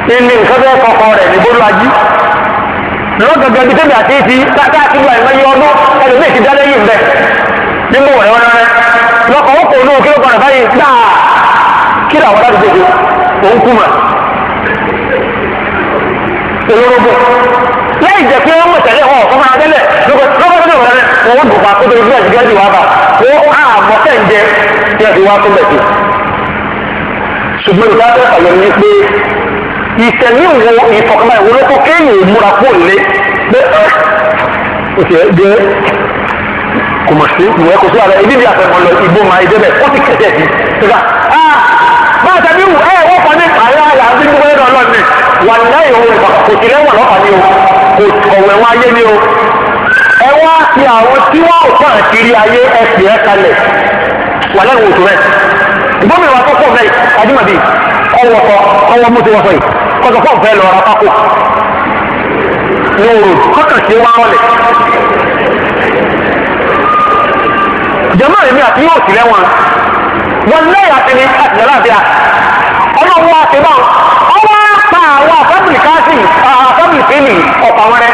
ilé nǹkan bẹ́ẹ̀ kọkọ rẹ ní bólú ají lọ́gàgà ibi tẹ́lẹ̀ àti ti láti àtúgbà ìmọ̀ yí ọdún ẹlòmíì ti dá lẹ́yìn bẹ́ẹ̀ nínú wọ̀rẹ́ wọn rẹ lọkọ̀ ó kò ní òkè báyìí dáa kí làwọn aládùúgbò olórógbò láì jẹ́ pé wọ́n mọ̀ tẹ́lẹ̀ wọn ọ̀kan máa tẹ́lẹ̀ lọ́kọ̀tẹ́lẹ̀ wọn lẹ́nu wọn gbọ̀pá kó tó lójú ẹ̀jẹ̀ gẹ́gẹ́ wá bá wọn á mọ̀ tẹ́ ń jẹ tí a fi wá tó bẹ̀tẹ̀. ṣùgbọ́n ìgbà tẹ́ ọ̀lọ́ ni pé ìtẹ̀lé wo ìfọ̀kànlá ìwọ lóko kéèyàn múra kó lé pé ọ̀sẹ̀ ah, jẹ́ kò mọ̀ sí ìwẹ́ kò sí àrẹ ibi bí àfẹ́ mọ̀lọ ìgbó máa ìdẹ́ bẹ̀ ó ti kẹ̀kẹ́ wà lẹ́yìn òun ìfà kò sí lẹ́wọ̀n lọ́fà ni o kò ọ̀wẹ̀ wọn ayé ni o ẹ wá sí àwọn tí wọn ò fà kiri ayé ẹ sì ẹ kalẹ̀ wà lẹ́yìn òtún rẹ gómìnà wa tó pọ̀ mẹ́rin ọwọ́ sọ ọwọ́ mú ti wọ́sọ yìí kọ́sọ̀ fún ọ̀fẹ́ lọ́ra pákó lóòrò kọ́kàn sí wọn rọlẹ̀ jẹ́mọ́ èmi àti yóò sí lẹ́wọ̀n wọn lẹ́yìn àti ní àtìlẹ́láàbíà fábì fábì fílì ọ̀pá wọn rẹ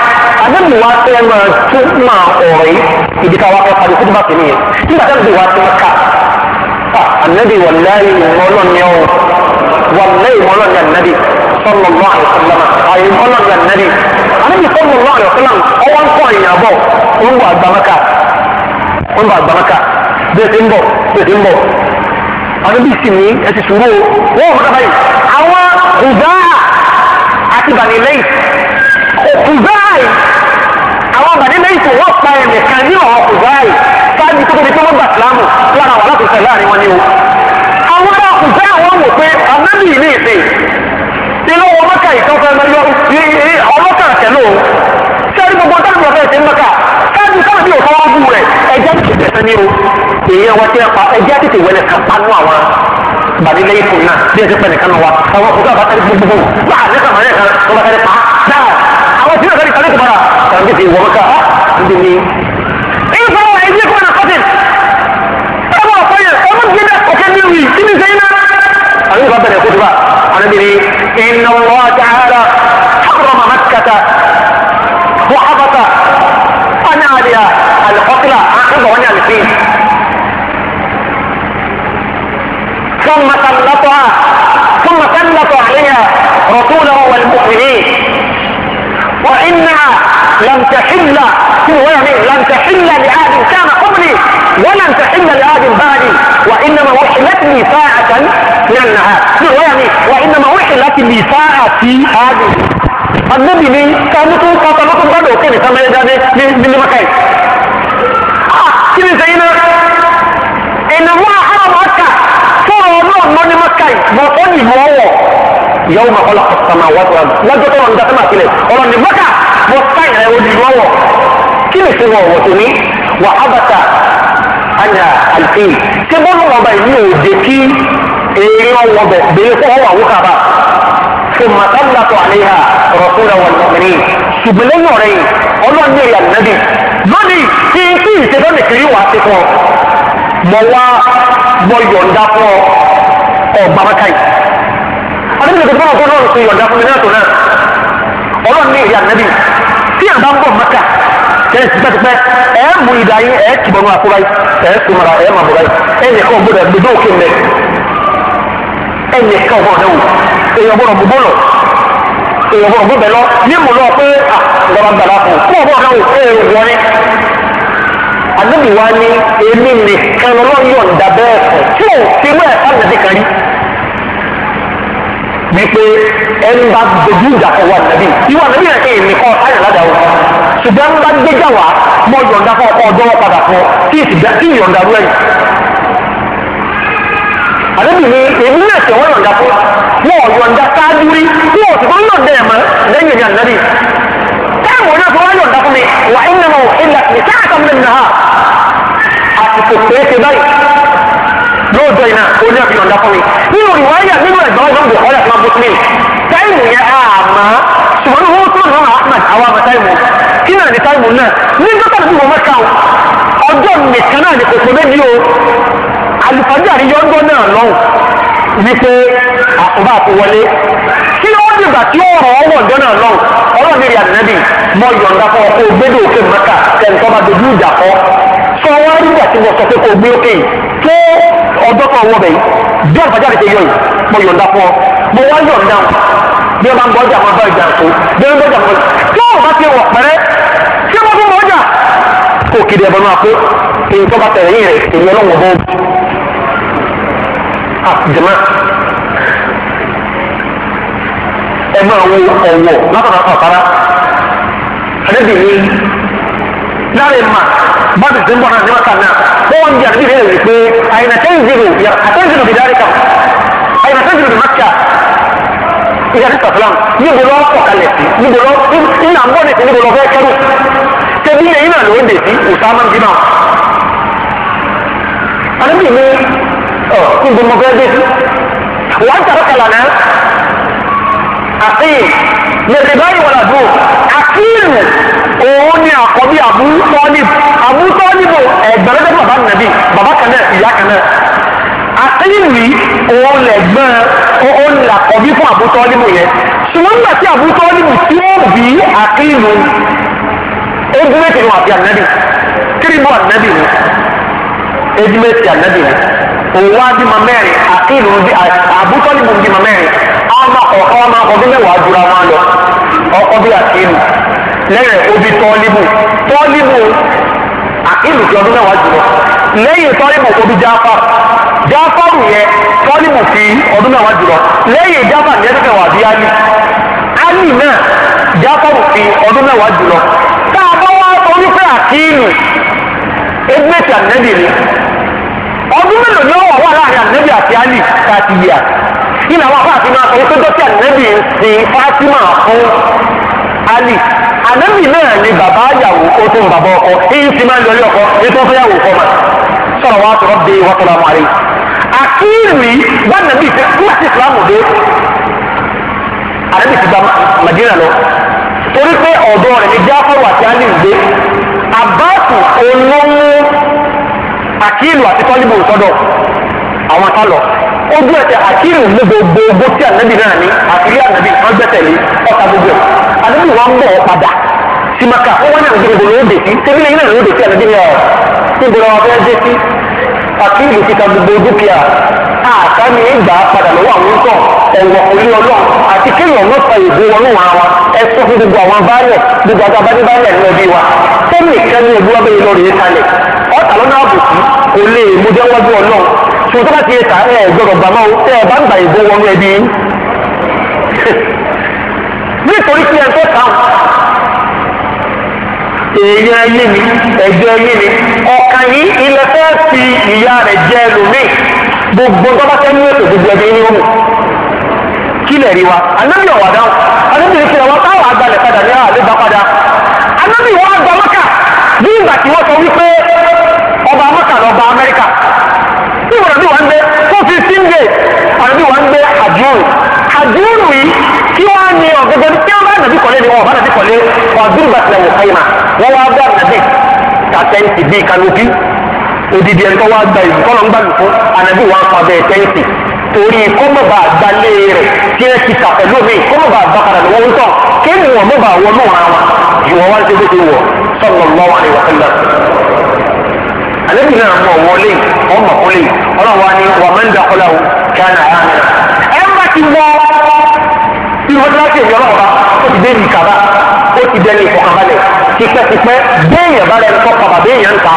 àdéhùn wa tẹ́ ẹ máa tún máa ọ̀rọ̀ yìí ìdí ká wá kọ́ pàdé fún bàtí nìyẹn nígbà tá a wá sí ká ànábì wàláyé ìmọ̀lọ́ni ọ̀hún wàláyé ìmọ̀lọ́ni ànábì sọ́nà lọ́wọ́ àìsàn àyè ìmọ̀lọ́ni ànábì ànábì sọ́nà lọ́wọ́ àìsàn ọwọ́ ń kọ́ ìyàbọ̀ ó ń bọ̀ àgbàmọ́kà ó ń bọ̀ àgbàmọ́kà bẹ́ẹ̀ láti bàní lẹ́yìn òkú báyìí àwọn bàní lẹ́yìn tó wọ́n pa ẹnìkan ní ọ̀rọ̀ òkú báyìí fáájú tó tóbi tó wọ́n gbà sílámù lára àwọn aláàfin sẹ̀ láàrin wọn ni o. àwọn ará òkú báyìí àwọn wò pé ànábì ní ìsìn inú wọn mọ́kà ìtọ́fẹ́ mẹ́lọ́ ọlọ́kà àtẹ̀ló sẹ́ni gbogbo táwọn ọ̀fẹ́ ti ń mọ́kà fáájú káwọn bí òkú wọn bú rẹ̀ ẹ̀jẹ̀ ti tẹ̀sán ní o èèyàn wọn ti ẹ̀ pa ẹ̀jẹ̀ ti tẹ̀ wẹlẹ̀ kápánú àwọn bàbí lẹ́yìn fún náà bí ẹsẹ̀ pẹ̀lú kan wa àwọn kò tó àbá tẹ́lẹ̀ gbogbo bá a lẹ́sẹ̀ àmàlẹ́ kan tó bá tẹ́lẹ̀ pa dáa àwọn tí yóò tẹ́lẹ̀ tẹ́lẹ̀ kọ̀ọ̀rọ̀ kàn tètè wọ́n ká á níbi ni. èyí fún wa èyí fún wa kọ́tìn ọmọ ọ̀fọyẹ ọmọ gbẹdẹ òkè ní wì kí ni sẹ́yìn náà. àwọn yóò bá bẹ̀rẹ̀ kó الجمعة لم تحل في الوهم لم تحل لآد كان قبلي ولم تحل لآد بعدي وإنما وحلت لي ساعة من النهار في الوهم وإنما وحلت لي ساعة في هذه النبي مين كانوا تقول قاتلكم بدو كني كما يدعني من من المكان آه كني زينا إن الله حرم أكا فهو الله من المكان مطني هو يوم خلق السماوات والأرض لا تقول أن تسمع كلي ولن المكان wọ sáyìn rẹ odi wọn wọ kí ni fi wọn wọ tó ní wà ábàtà ànyà àlùfẹ́ yìí ṣé bọ́ọ̀lù wọn bá yìí ò jẹ́ kí èèyàn wọn bẹ̀ bẹ́ẹ̀ fún ọwọ́ àwọn kaba fún màtàlátọ̀ àléhà rọ̀túnra wọn lọ́mìnì ṣùgbọ́n lẹ́yìn ọ̀rẹ́ yìí ọlọ́run ní ìyànnà bíi lónìí kí n kí ìṣẹ́jọ́ nìkiri wàá ti fún ọ mọ̀ wá mọ yọ̀ǹda fún ọ ọ̀gbàmọ́ká fún ọ tó náà ti tó náà ọlọ́run ní ìrìn ànábì tí à ń bá ń bọ̀ mọ́kà kẹ́lẹ́ ti pẹ́tipẹ́ ẹ̀ ẹ́ mú ìdá yín ẹ̀ ẹ́ kìbọnú àkúrá yìí ẹ̀ ẹ́ kòmọ̀ra ẹ̀ ẹ́ mà bọ̀rá yìí ẹ̀ yẹ kọ́ gbọ́dọ̀ gbẹdọ̀ òkè mẹ́ ẹ̀ yẹ kọ́ ọ̀bọ̀n ọ̀dẹ́wò èèyàn bọ̀rọ̀ bọ̀ bọ̀lọ̀ èèyàn bọ̀rọ̀ bọ̀bẹ̀ lọ ní mò lọ pé à ìjọba gbàdá fún un kó ọ̀bọ̀n ọ̀dẹ́wò ẹ̀ wípé ẹni bá dojú ìjà kọ wà nàbí ìwà nàbí rẹ̀ kéè ní kọ́ ayọ̀ ládàá o ṣùgbọ́n ń bá gbéjà wá mọ́ yọ̀ǹda fún ọkọ̀ ọdọ́wọ́ padà fún ọ kí ìsìgbà kí yọ̀ǹda rú ẹ̀yìn. àdébì ni èmi náà ṣe wọ́n yọ̀ǹda fún wọn ò yọ̀ǹda sáájú rí wọn ò sì fún yọ̀ǹda ẹ̀ mọ́ lẹ́yìn ìyá nàbí. táwọn náà fún wọn yọ̀ǹda fún mi wà lóòótọ́ iná ojú ẹ̀fí ọ̀dá fún mi nínú ìwáyà nínú ẹ̀gbọ́n ọ̀gbọ́n bò ọ̀dà fún abúlé táìmù yẹn àmà ṣùgbọ́n owó tó nù ahmed àwọn àmà táìmù kí náà ní táìmù náà ní dókítà bí mo mẹ́ka o ọjọ́ nìkan náà ní kòkó méjì o àlùfáàjì àríyọ́ngbọ́ náà lọ́hùn wípé àkùbá àti wọlé kí ó dìgbà tí ó rọ̀ ọwọ́ ọ̀dọ́ náà lọ́hùn ọlọ́ọ̀nì rí mọ yọ̀ǹda fún ọkọ̀ ògbédè òkè mẹ́ka kẹ́ńtọ́ bá dojú ìjà kọ́ nígbà tí mo sọ pé kò gbé òkè tó ọjọ́ tó wọ́ bẹ̀ yìí bí àlùfáàjà ti yọ yìí mo yọ̀ǹda fún ọ mo wá yọ̀ǹda bí ẹ bá ń bọ́jà máa bá ìjà tó bí ẹ ń bọ́jà máa tí ò bá ti wọ̀ pẹ́rẹ́ tí ó bá tún bọ́jà kò kéde ẹ̀bọ̀n náà pé èyí tó bá tẹ̀lé yìí rẹ̀ èyí ọlọ́wọ́ bọ́ àjẹmọ́ ah, ẹ máa wo ọ̀wọ̀ látọ̀nà àpàpàrà àdébìnrin láre máa bá ti ti ń bọ̀ náà ní maka náà wọ́n di àdébí rẹ̀ wípé àyìnà tẹ́ǹzìrì yàrá àtẹ́ǹzìrì bí dárí kan àyìnà tẹ́ǹzìrì bí maka ìyá ti sàfúlàm níbo lọ́ sọ̀kalẹ̀ sí níbo lọ́ nínà ń bọ̀ ní níbo lọ́ fẹ́ kẹ́rù tẹ́bí ilẹ̀ yìí náà ló ń dè sí Usama bímọ. àdébí mi ọ̀ níbo mo fẹ́ dé sí wọ́n ń tàbí kàlà náà àfihàn lèdè báyìí wọlé àbúrò akílù òun ni àkọ́bí àbú tọ́lì àbú tọ́lì bò ẹ̀gbẹ́rẹ́dẹ́ bàbá nàbí bàbá kan náà ìyá kan náà akílù yìí òun lẹ̀gbọ́n òun ni àkọ́bí fún àbú tọ́lì bò yẹn ṣùgbọ́n nígbà tí àbú tọ́lì bò tí ó bí akílù ojúmẹ́tì ni wọ́n àfi ànábì kírímù ànábì ni ojúmẹ́tì ànábì ni. òun wá bímọ mẹ́rin àkínú bí àbútọ́lìbù bímọ mẹ́rin ọmọ ọ̀kọ́ ọmọ ọdún mẹ́wàá jura wọn lọ ọkọ bí àkínú lẹ́yìn obi tọ́lìbù tọ́lìbù ti ọdún mẹ́wàá jùlọ lẹ́yìn tọ́lìbù obi jáfà jáfàrù fi jụrụ ali ali a bá wá sọ ni. ọdún mélòó ni ó wà wà láàrin ànábì àti ali káàtì yíyà nínú àwọn afáàfi máa sọ wípé dókítà ànábì ń sin Fátímà fún ali ànábì náà ni bàbá àyàwó ó tó ń bàbá ọkọ èyí ti máa ń lọlé ọkọ ètò ọfẹyàwó ọkọ mà sọ̀rọ̀ wa sọ̀rọ̀ de wọn sọ̀rọ̀ àwọn àrè àkíyèmí bá nàbí ìfẹ́ nígbà tí ìsìlámù dé ànábì ti gba Màdínà lọ torí pé ọ̀dọ́ rẹ̀ ni jáfọ́rọ̀ àti ali ń gbé àbáàtù olówó àkílù àti tọ́líbù sọ́dọ̀ àwọn tá lọ ojú ẹsẹ̀ àkílù ní gbogbo ogbó tí ànábì náà ní àkílì ànábì wọn gbẹ́sẹ̀lé ọ̀tá gbogbo ẹ̀ ànábì wọn ń bọ̀ padà sí maka ó wọn náà gbogbo ló dé sí tẹ́bí lẹ́yìn náà ló dé sí ànábì ní ọ̀ níbo la wọn fẹ́ dé sí àkílù ti ta gbogbo dúkìá àtàmì ìgbà padà lọ́wọ́ àwọn nǹkan ẹ̀wọ̀ orí ọlọ́run àti kéèyàn ló fa ìbú wọnú ara wa ẹ sọ fún gbogbo àwọn baálẹ̀ gbogbo àgbà bá dé baálẹ̀ ní ẹbí wa tẹ́nìkan ní ìbú wa bẹ́ẹ̀ lọ rèé kalẹ̀ ọ̀tà lọ́nà àbùkù kò lè mú jẹ́wọ́jú ọ̀nà ṣùgbọ́n tó bá ti ta ẹ̀ gbọ́dọ̀ gbàmọ́ tẹ́ ẹ bá ń gbà ìbò wọnú ẹbí nítorí pé ẹgbẹ́ kan èèyàn ẹyẹ mi ẹjọ́ ẹyẹ mi ọ̀kan yìí ilẹ̀ fẹ́ fi ìyá rẹ̀ jẹ́ ẹlòmíì gbogbo tó bá fẹ́ mú ètò gbogbo ẹbí ní òmù kí lè rí wa anábì ọ̀wà dáhùn anábì ní kíra wọn táwọn àgbàlẹ̀ padà ní àlébà padà anábì wọn àgbà lọ́kà bí ìgbà tí wọ́n sọ wípé ọba amẹ́ríkà tí wọ́n bí wọ́n gbé fún fifteen days àwọn bí wọ́n gbé àdúrù àdúrù yìí kí wọ́n á ní ọ̀gẹ́gẹ́ tí wọ́n bá nàbí kọ́lé ni wọ́n bá nàbí kọ́lé ọ̀dúrù bàtìlẹ̀ wò káyìmá wọ́n wá bá nàbí tàtẹ́ǹtì bíi kanopí odidi ẹ̀ńtọ́ wá gba ìlú kọ́lọ́ ń gbà lù fún ànàbí wọn pa bẹ́ẹ̀ tẹ́ǹtì torí kọ́mọ̀bà àgbálẹ̀ rẹ̀ tí ẹ ti kà pẹ̀lú mi kọ́mọ̀bà àgbàkàrà lọ́wọ́ ń tọ̀ kéèmù wọn mọ̀bà wọn náà wọn ju wọn wá ń ṣe bó ṣe wọ̀ sallallahu alaihi wasallam àlẹ́bí náà mọ̀ wọlé ọmọ kọlé ọlọ́wọ́ ni wà máa ń dakọ́lá o kí á nà á nà. ẹ má ti wọ ìwọ tí wọ́n ti èmi ọlọ́wọ́ bá ó ti dé nìkàbá ó ti dẹ́ni ìfọkànbalẹ̀ tipẹ́tipẹ́ béèyàn bá lẹ́nu tó pàpà béèyàn ta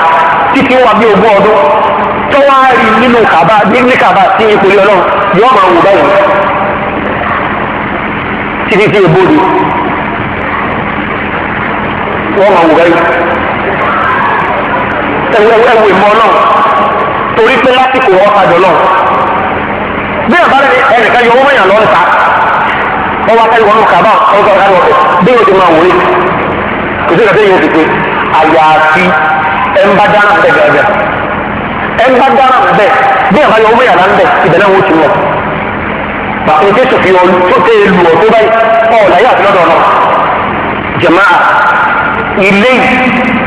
títí wà bí ogún ọdún tọ́wá rí nínú kàbá nìkàbá sí ipò ọlọ́run yóò máa wù báyìí títí tí ebóde wọ́n máa wù báyìí ẹwọ ìmọ̀ náà torí pé lásìkò ọ̀kadà náà bí àbá rẹ ẹnìkan yọ owó mẹ́yàn lọ́nta wọ́n wá kẹ́lẹ́ wọn nù kábà ọ̀gá ọ̀gá ọ̀bẹ bí o ti máa wòye kò sí ìrẹsẹ̀ o ti pé àyàfi ẹnba dáná bẹ gẹ́gẹ́ ẹnba dáná bẹ bí àbá yọ owó mẹ́yàn lọ́nta ibẹ̀ náà wọ́n ti wọ̀ pàtó tí sòfì ọ tó tẹ lu ọ tó báyìí ọ̀ làyé àti lọ́dọ̀ náà jẹ̀máà ilé yìí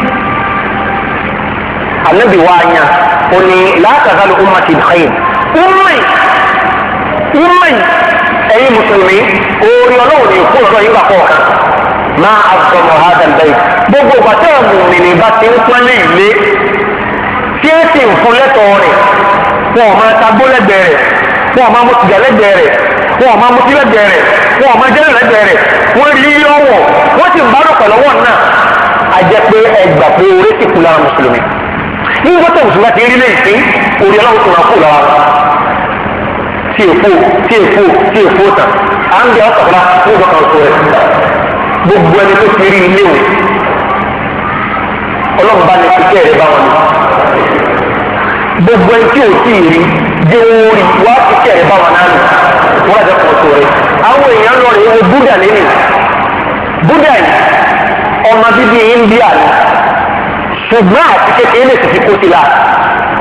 anabi wa nya o ni laakazalu umati bixayin umai umai ẹ̀yin musulumi oore Ọlọ́run ni kó lọ́dọ̀ yín gbà kọ kan máa abdul muhammad bayi gbogbo gbàtẹ mùmìnì bá ti ń pọn ní ilé tí ó sì ń fún lẹ́tọ̀ọ́ rẹ̀ wọn ò máa tagbó lẹ́gbẹ̀ẹ́ rẹ̀ wọn ò máa mú sìgá lẹ́gbẹ̀ẹ́ rẹ̀ wọn ò máa mú sí lẹ́gbẹ̀ẹ́ rẹ̀ wọn ò máa jẹrẹ lẹ́gbẹ̀ẹ́ rẹ̀ wọn rí ọwọ́ wọn sì ń bá lọ pẹ̀lú ọwọ́ náà àjẹpé ẹgbàá pé ti kú lára nígbà tó mùsùlùmí ti rí léèké orí ọlọ́run tó náà kú lọ́wọ́ tí èpo tí èpo tí èpo tàn à ń gbé ọ̀sọ̀rọ̀ nígbà kan sọ rẹ̀ gbogbo ẹni tó ti rí ilé o ọlọ́run bá ní kíkẹ́ rẹ̀ bá wọn ni gbogbo ẹni tí ò tí ì rí jẹ́ orí wá kíkẹ́ rẹ̀ bá wọn náà nì wọ́n àjọ kan sọ rẹ̀ àwọn èèyàn lọ rẹ̀ wo búdà nínú búdà yìí ọmọ bíbí india ni ṣùgbọ́n àti kékeré lè sì fi kó sí la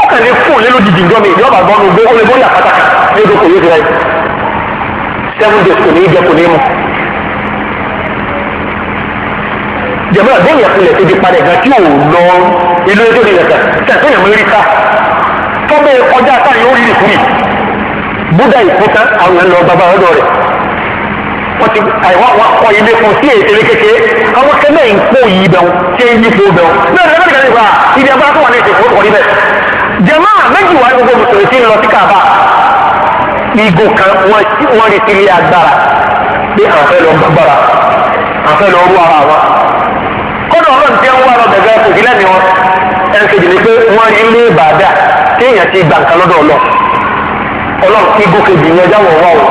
ó kàn lè fún lé lójijì ìjọ mi yọba gbọ́n mi gbé ó lè bórí àpáta kan ní ojú kò yé ti rẹ seven days kò ní í jẹ kò ní í mu. jẹ̀mọ́ àgbọ̀n yẹn kulẹ̀ tó di padà gan tí ò lọ ilé ojú ni yẹn kan tẹ̀sán yẹn mẹ́rin ká tọ́gbẹ́ ọjà táyà ó rí ìkúrì búdà ìkúta àwọn ẹ̀ lọ bàbá ọ̀dọ́ rẹ̀ wọ́n ti àìwá wọn kọ́ ilé fún sí ètèlé kékeré àwọn kẹ́lẹ́ ń pò yìí bẹ̀rù ṣé ń yípo bẹ̀rù bẹ́ẹ̀ ni lẹ́gbẹ̀rẹ́ ìgbà ibi abúlé tó wà ní ìṣèkò kọ́ níbẹ̀. jama méjì wà ní gbogbo mùsùlùmí tí ń lọ sí kaaba igun kan wọ́n rí sílé agbára pé àfẹ́ lọ gbàgbára àfẹ́ lọ rú ara wa. kọ́dọ̀ ọlọ́run tí wọ́n wà lọ bẹ̀rẹ̀ kò lẹ́nu wọn ẹnìkejì ni pé wọ́n rí ilé ìbàdà téèyàn ti gbà nǹkan lọ́dọ̀ ọlọ́run ọlọ́run igun kejì ni ọjà wá o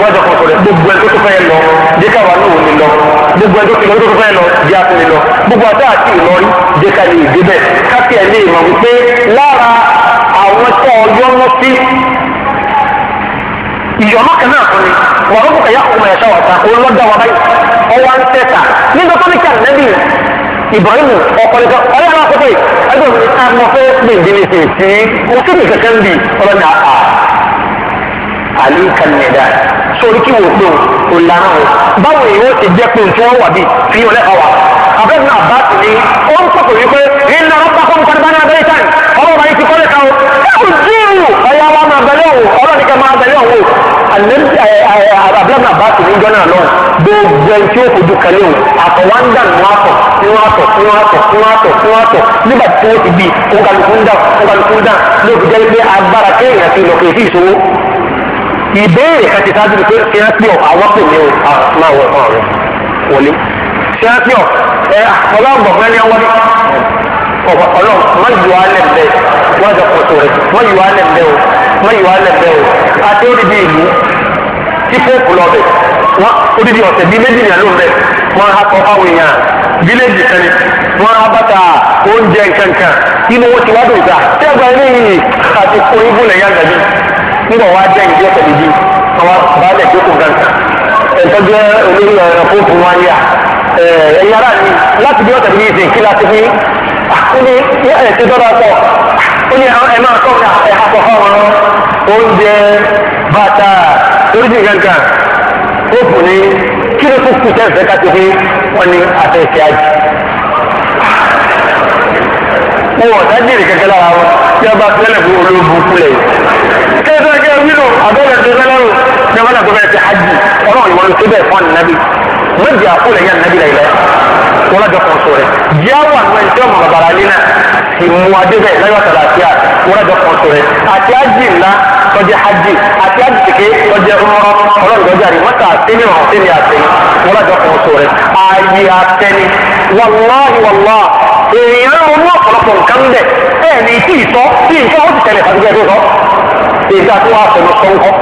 wọ́n jọ kọ̀ọ̀kan rẹ̀ gbogbo ẹjọ́ tó fẹ́ lọ jẹ́ká wa náà ò ní lọ gbogbo ẹjọ́ tó lọ tó fẹ́ lọ jẹ́ àtúnni lọ gbogbo àti àti ìlọrí jẹ́ká lè dé bẹ́ẹ̀ káfí ẹ̀ lè mọ̀ wípé lára àwọn tó ọjọ́ mọ́ sí ìyọ̀nà kan náà fún mi wọ́n rọ́pò kẹ̀yà kọ́mọ ẹ̀ṣá wà ta òun lọ́dọ̀ wa báyìí ọwọ́ ń tẹ̀ta nígbà tó ní kí ànábì Ibrahim ọ̀kọ̀lẹ́kọ̀ ọ̀rẹ́ àwọn akọ́kọ́ yìí ẹgbẹ́ òun ká mọ fẹ́ gbèǹdé ní sèǹtì mo kí ni kankan bì ọ̀rọ̀ ní sórí kí wò pé o ò lára o báwo ni wọ́n ti jẹ́ pé tí wọ́n wà bí fi hàn lẹ́kọ̀ọ́ wa abẹ́rẹ́ náà bá ti ní ó ń sọ̀tò wípé ńlá ọba kọ́ nǹkan bá ní abẹ́rẹ́ tán ọmọ bàbá yìí ti kọ́lé ká o káwọn jíìrù ọ̀yà wa máa bẹ̀rẹ̀ òwò ọlọ́ni ká máa bẹ̀rẹ̀ òwò abẹ́rẹ́ náà bá ti ní jọ́nà lọ gbogbo ẹni tí ó fojú kẹlẹ́ o àtọ̀ wá ń dà nínú àtọ̀ nínú àtọ̀ nínú àtọ̀ nínú àtọ̀ nínú àtọ̀ nígbà tí wọ́n ti bí òǹkàlùkù ń dà òǹkàlùkù ń dà ló fi jẹ́ pé agbára kéèyàn ti lọ kèéfì ìṣòwò ìbéèrè kan ti sáájú pé sẹ́ńtìọ̀ àwọ́pọ̀ ni o ah, máa wọ ẹ̀fọn rẹ wọlé sẹ́ńtìọ̀ ẹ ah, ọlọ́gbọ̀n fún ẹni ọwọ́ ọ̀pọ̀ ọlọ́run má yọ alẹ́ bẹ́ wọ́n jọ pọ̀ tó rẹ má yọ alẹ́ bẹ́ o má yọ alẹ́ bẹ́ o àti odidi ìlú tí fóòkù lọ bẹ̀ wọ́n odidi ọ̀sẹ̀ bíi méjì ní àlóun bẹ̀ wọ́n á kọ́ fáwọn èèyàn fíléèjì ni wọ́n á bàtà oúnjẹ nkankan inú wọn ti wá dùn gbà tẹ́gbà nígbà wá jẹ́ ìdí ọ̀sẹ̀ méjì àwọn baálẹ̀ tó kù gàǹtà ẹ̀tọ́ jẹ́ olórí ọ̀rọ̀ fún fún wa yá ẹ̀yìn ara mi láti bí ọ̀sẹ̀ méjì kí láti fi àkúni ní ẹ̀ ti dọ́dọ̀ pọ̀ ó ní ẹ máa kọ́ ká ẹ̀ àpọ̀ fún ọ̀rọ̀ oúnjẹ bàtà oríṣi gàǹtà ó kù ní kí ló kù kù tẹ́fẹ̀ẹ́ ká ti fi wọ́n ní àtẹ̀síájì. wọn ò dájú ìrìn kẹ̀kẹ́ lára wọn tí a bá tẹ́lẹ̀ fún olóògùn kulẹ̀ yìí. kẹ́sẹ̀ kẹ́ wílò abẹ́rẹ́ tẹ́lẹ̀ lọ́rùn ní wọn àgbẹ̀ ti hajj ọ̀rọ̀ ìwọ ló tẹ́lẹ̀ fún ànábì wọ́n jẹ́ àkúlẹ̀ yẹn ànábì lẹ́yìn wọ́n lọ́jọ́ kan sọ̀rẹ̀ jẹ́ àwọn àwọn ìṣẹ́ ọmọ bàbàrà lẹ́nà ìmú adébẹ̀ lẹ́yìn ọ̀tàlà àti à wọ́n lọ́jọ́ kan sọ̀rẹ̀ àti hajj ńlá tọ́jú hajj àti hajj kékeré tọ́jú èèyàn ló ní ọ̀pọ̀lọpọ̀ nǹkan bẹ̀ bẹ́ẹ̀ ni tí ìsọ tí ìsọ ó ti tẹ̀lé tàbí ẹgbẹ́ sọ èyí tí a ti wá sọ̀rọ̀ sọ ńkọ́.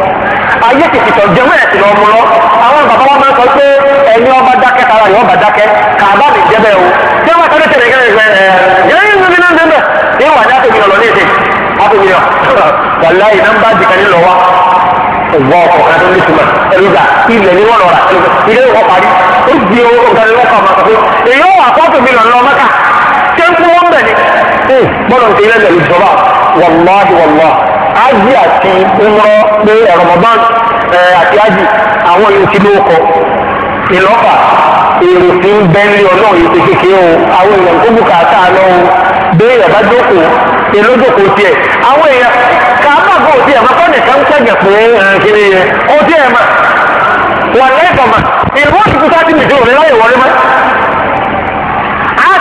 ayé ti fìtọ̀ jẹun ẹ̀ ti lọ mú lọ àwọn bàbá wa máa ń sọ pé ẹni ọba dákẹ́ tara yóò bá dákẹ́ kàbá mi jẹ́ bẹ́ẹ̀ o tí wọ́n tẹ́lẹ̀ tẹ̀lé gẹ́gẹ́ ẹ̀ ẹ̀ yẹ́n mi náà bẹ́ẹ̀ ní wà ní àtẹ̀mí lọ ní ìsìn àtẹ̀mí lọ wàláyé nọ́mbà jìkan ní lọ wa ọgbọ ọkọ kan tó ń lùtùmọ ẹlùgà ilẹ̀ ni wọ́n lọ rà ilé ìwọ parí ó di owó kan lọ́kọ̀ ọmọ kan pé èyí ó wà fọ́tò mi lọ lọ mọ́kà ń kú wọn bẹ̀ ni bọ́lọ̀ nǹkan ilẹ̀ ìlú ìjọba wàláhi wàlá ájì àti umrọ pé Ramadan àti ájì àwọn yóò ti lóko ìlọ́pà èrò tí ń bẹ́ńlẹ̀ ọlọ́run yìí ti kékeré o àwọn èèyàn tó bùkátà lọ́wọ́ béèyàn bá jókòó elójoko tiẹ̀ àwọn èèyàn kàámà bò tiẹ̀ máa fọ́nì kan tẹ̀gẹ̀ pé kiri yẹn ó tiẹ̀ mà wà lẹ́ẹ̀kọ̀ mà ìwọ́n ti kú sáà ti mìtì òní láyè wọlé mọ́.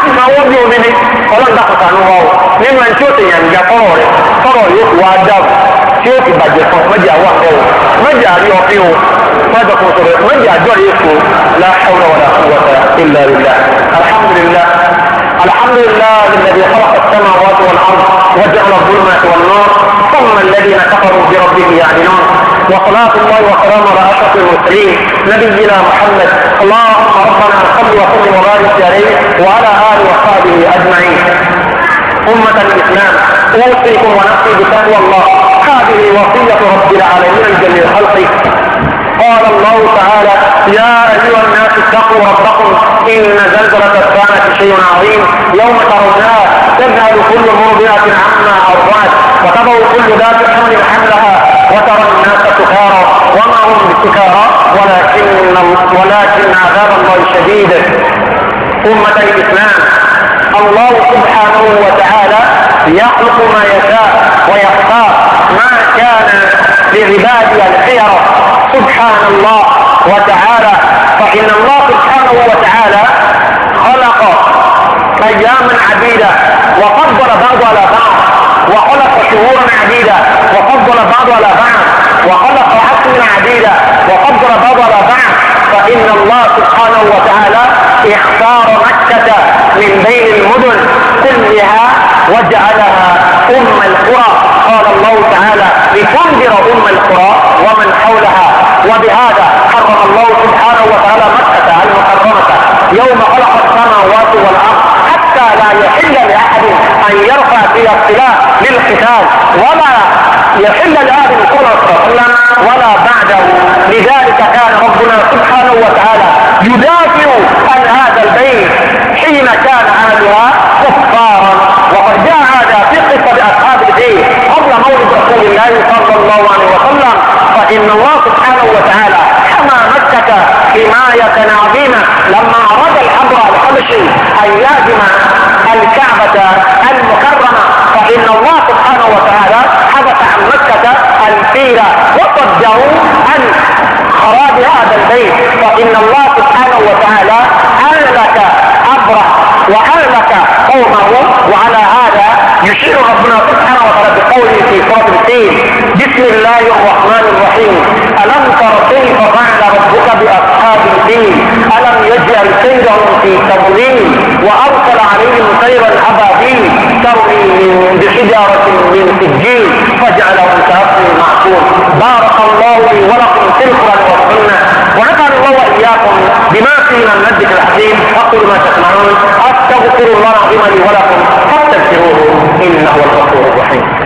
ti máa wọ́n bí omi ni ọlọ́dà kàkànú wa o nínú ẹni tí ó ti yàn ìjà fọ́rọ̀ rẹ̀ fọ́rọ̀ yóò ti wá dáàbò tí ó ti bàjẹ́ fún mẹ́jẹ̀ àwọn àfẹ́ o mẹ́jẹ̀ àrí ọfín o mẹ́jẹ̀ kò sọ̀rọ̀ mẹ́jẹ̀ àjọ rẹ̀ èso la hawla wala quwwata illa billah alhamdulillah alhamdulillah alladhi khalaqa as-samawati wal-ard wa ja'ala adh-dhulumati wan-nur thumma alladhina kafaru bi rabbihim ya'dilun وصلاة الله وسلامه على أشرف المرسلين نبينا محمد اللهم ربنا صل وسلم وبارك عليه وعلى آله وصحبه أجمعين أمة الإسلام أوصيكم ونفسي بتقوى الله هذه وصية رب العالمين لجميع خلقه قال الله تعالى يا أيها الناس اتقوا ربكم إن زلزلة الساعة شيء عظيم يوم ترونها تذهل كل مرضعة عما أرضعت وتضع كل ذات حمل حملها وترى الناس سكارى وما هم بسكارى ولكن ولكن عذاب الله شديد أمة الإسلام الله سبحانه وتعالى يخلق ما يشاء ويختار ما كان لعباده الخيرة سبحان الله وتعالى فإن الله سبحانه وتعالى خلق أياما عديدة وقدر بعض على بعض وخلق شهورا عديدة وفضل بعض على بعض وخلق عقل عديدة وفضل بعض على بعض فإن الله سبحانه وتعالى اختار مكة من بين المدن كلها وجعلها أم القرى قال الله تعالى لتنذر أم القرى ومن حولها وبهذا حرم الله سبحانه وتعالى مكة المحرمة يوم خلق السماوات والأرض حتى لا يحل لأحد ان يرفع في السلاح للقتال ولا يحل الان الرسول صلى ولا بعده لذلك كان ربنا سبحانه وتعالى يدافع عن هذا البيت حين كان اهلها كفارا وقد جاء هذا في قصه اصحاب البيت قبل مولد رسول الله صلى الله عليه وسلم فان الله سبحانه وتعالى حمى مكه حمايه عظيمه لما اراد الحبر الحبشي ان يهزم الكعبة المكرمة فإن الله سبحانه وتعالى حدث عن مكة الفيلة وصدعوا عن خراب هذا البيت فإن الله سبحانه وتعالى أهلك أبرح وأهلك قومه وعلى هذا يشير ربنا سبحانه وتعالى بقوله في سورة الفيل بسم الله الرحمن الرحيم ألم تر كيف فعل ربك بأصحاب الفيل ألم يجعل كيدهم في تضليل وارسل عليهم طير الأبابيل تروي بحجارة من سجيل فجعلهم كأصل معصوم بارك الله لي ولكم في القرآن والسنة ونفعل الله واياكم بما في من مدك الحكيم اقول ما تسمعون استغفر الله العظيم لي ولكم فاستغفروه انه الغفور الرحيم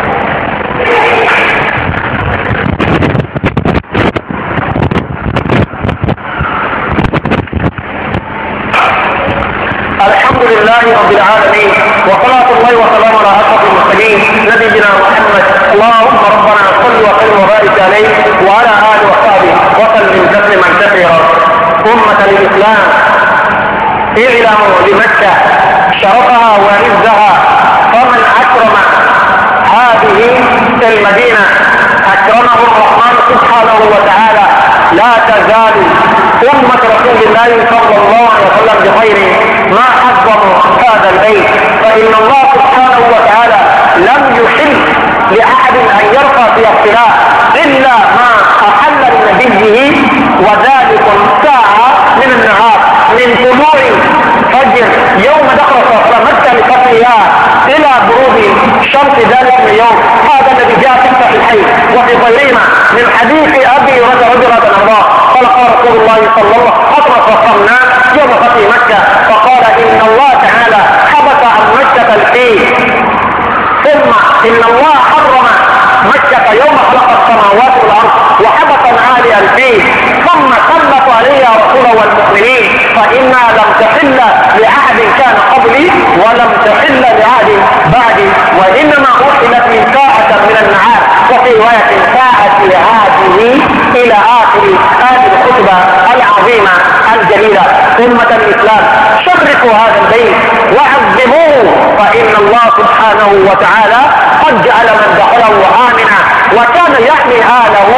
فإن الله سبحانه وتعالى قد جعل من دخله آمنا وكان يحمي أهله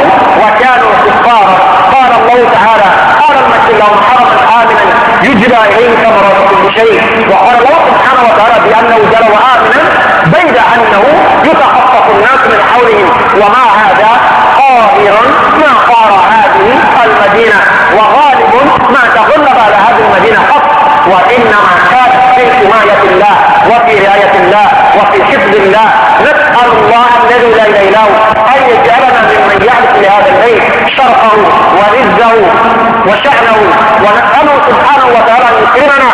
وكانوا كفارا قال الله تعالى قال المسجد لهم حرما آمنا يجرى إليه ثمرة كل شيء وقال الله سبحانه وتعالى بأنه جرى آمنا بيد أنه يتخطف الناس من حولهم وما هذا قاهرا ما قار هذه المدينة وغالب ما تغلب على هذه المدينة قط وإنما كان حماية الله وفي رعاية الله وفي حفظ الله نسأل الله الذي لا إله إلا هو أن يجعلنا ممن يعرف لهذا البيت شرفه وعزه وشأنه ونسأله سبحانه وتعالى أن يكرمنا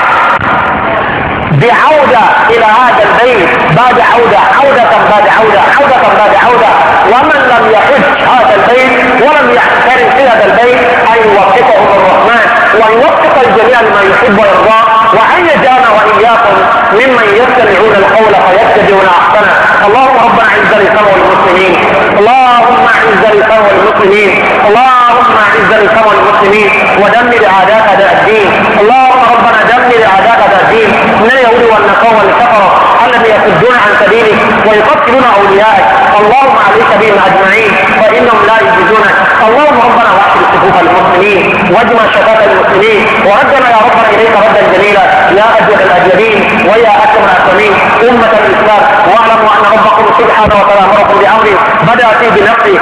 بعودة إلى هذا البيت بعد عودة عودة بعد عودة عودة بعد عودة ومن لم يحج هذا البيت ولم يحترم في هذا البيت أن يوفقه الرحمن وأن يوفق الجميع لما يحب ويرضاه وأن يجعلنا وإياكم ممن يتبعون القول فيتبعون أحسنه اللهم ربنا أعز الإسلام والمسلمين اللهم أعز الإسلام والمسلمين اللهم أعز الإسلام والمسلمين ودمر اعداء أداء الدين اللهم ربنا دمر اعداء أداء الدين من اليهود والنصارى والكفرة ويصدون عن سبيلك ويقتلون أوليائك اللهم عليك بهم أجمعين فإنهم لا يجوزونك اللهم ربنا واحفظ صفوف المسلمين واجمع شتات المسلمين وردنا يا ربنا إليك ردا جميلا يا أجود الأجلين ويا أكرم الأكرمين أمة الإسلام واعلموا أن ربكم سبحانه وتعالى أمركم بأمر بدأ فيه بنفسه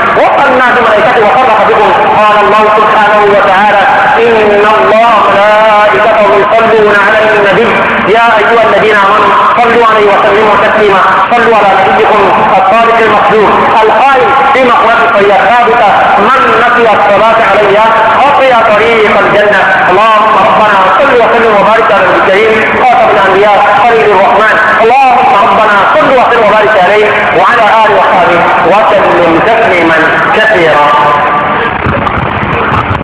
الناس ملائكته وفرق بكم قال الله سبحانه وتعالى إن الله ملائكته يصلون على النبي يا أيها الذين آمنوا صلوا عليه وسلموا تسليما صلوا على نبيكم الصادق المخلوق القائم في مقرة الطيب ثابتة من نقي الصلاة عليها خطي طريق الجنة اللهم ربنا صل وسلم وبارك على الكريم خاتم الأنبياء خليل الرحمن اللهم ربنا صل وسلم وبارك عليه وعلى آله وصحبه وسلم تسليما كثيرا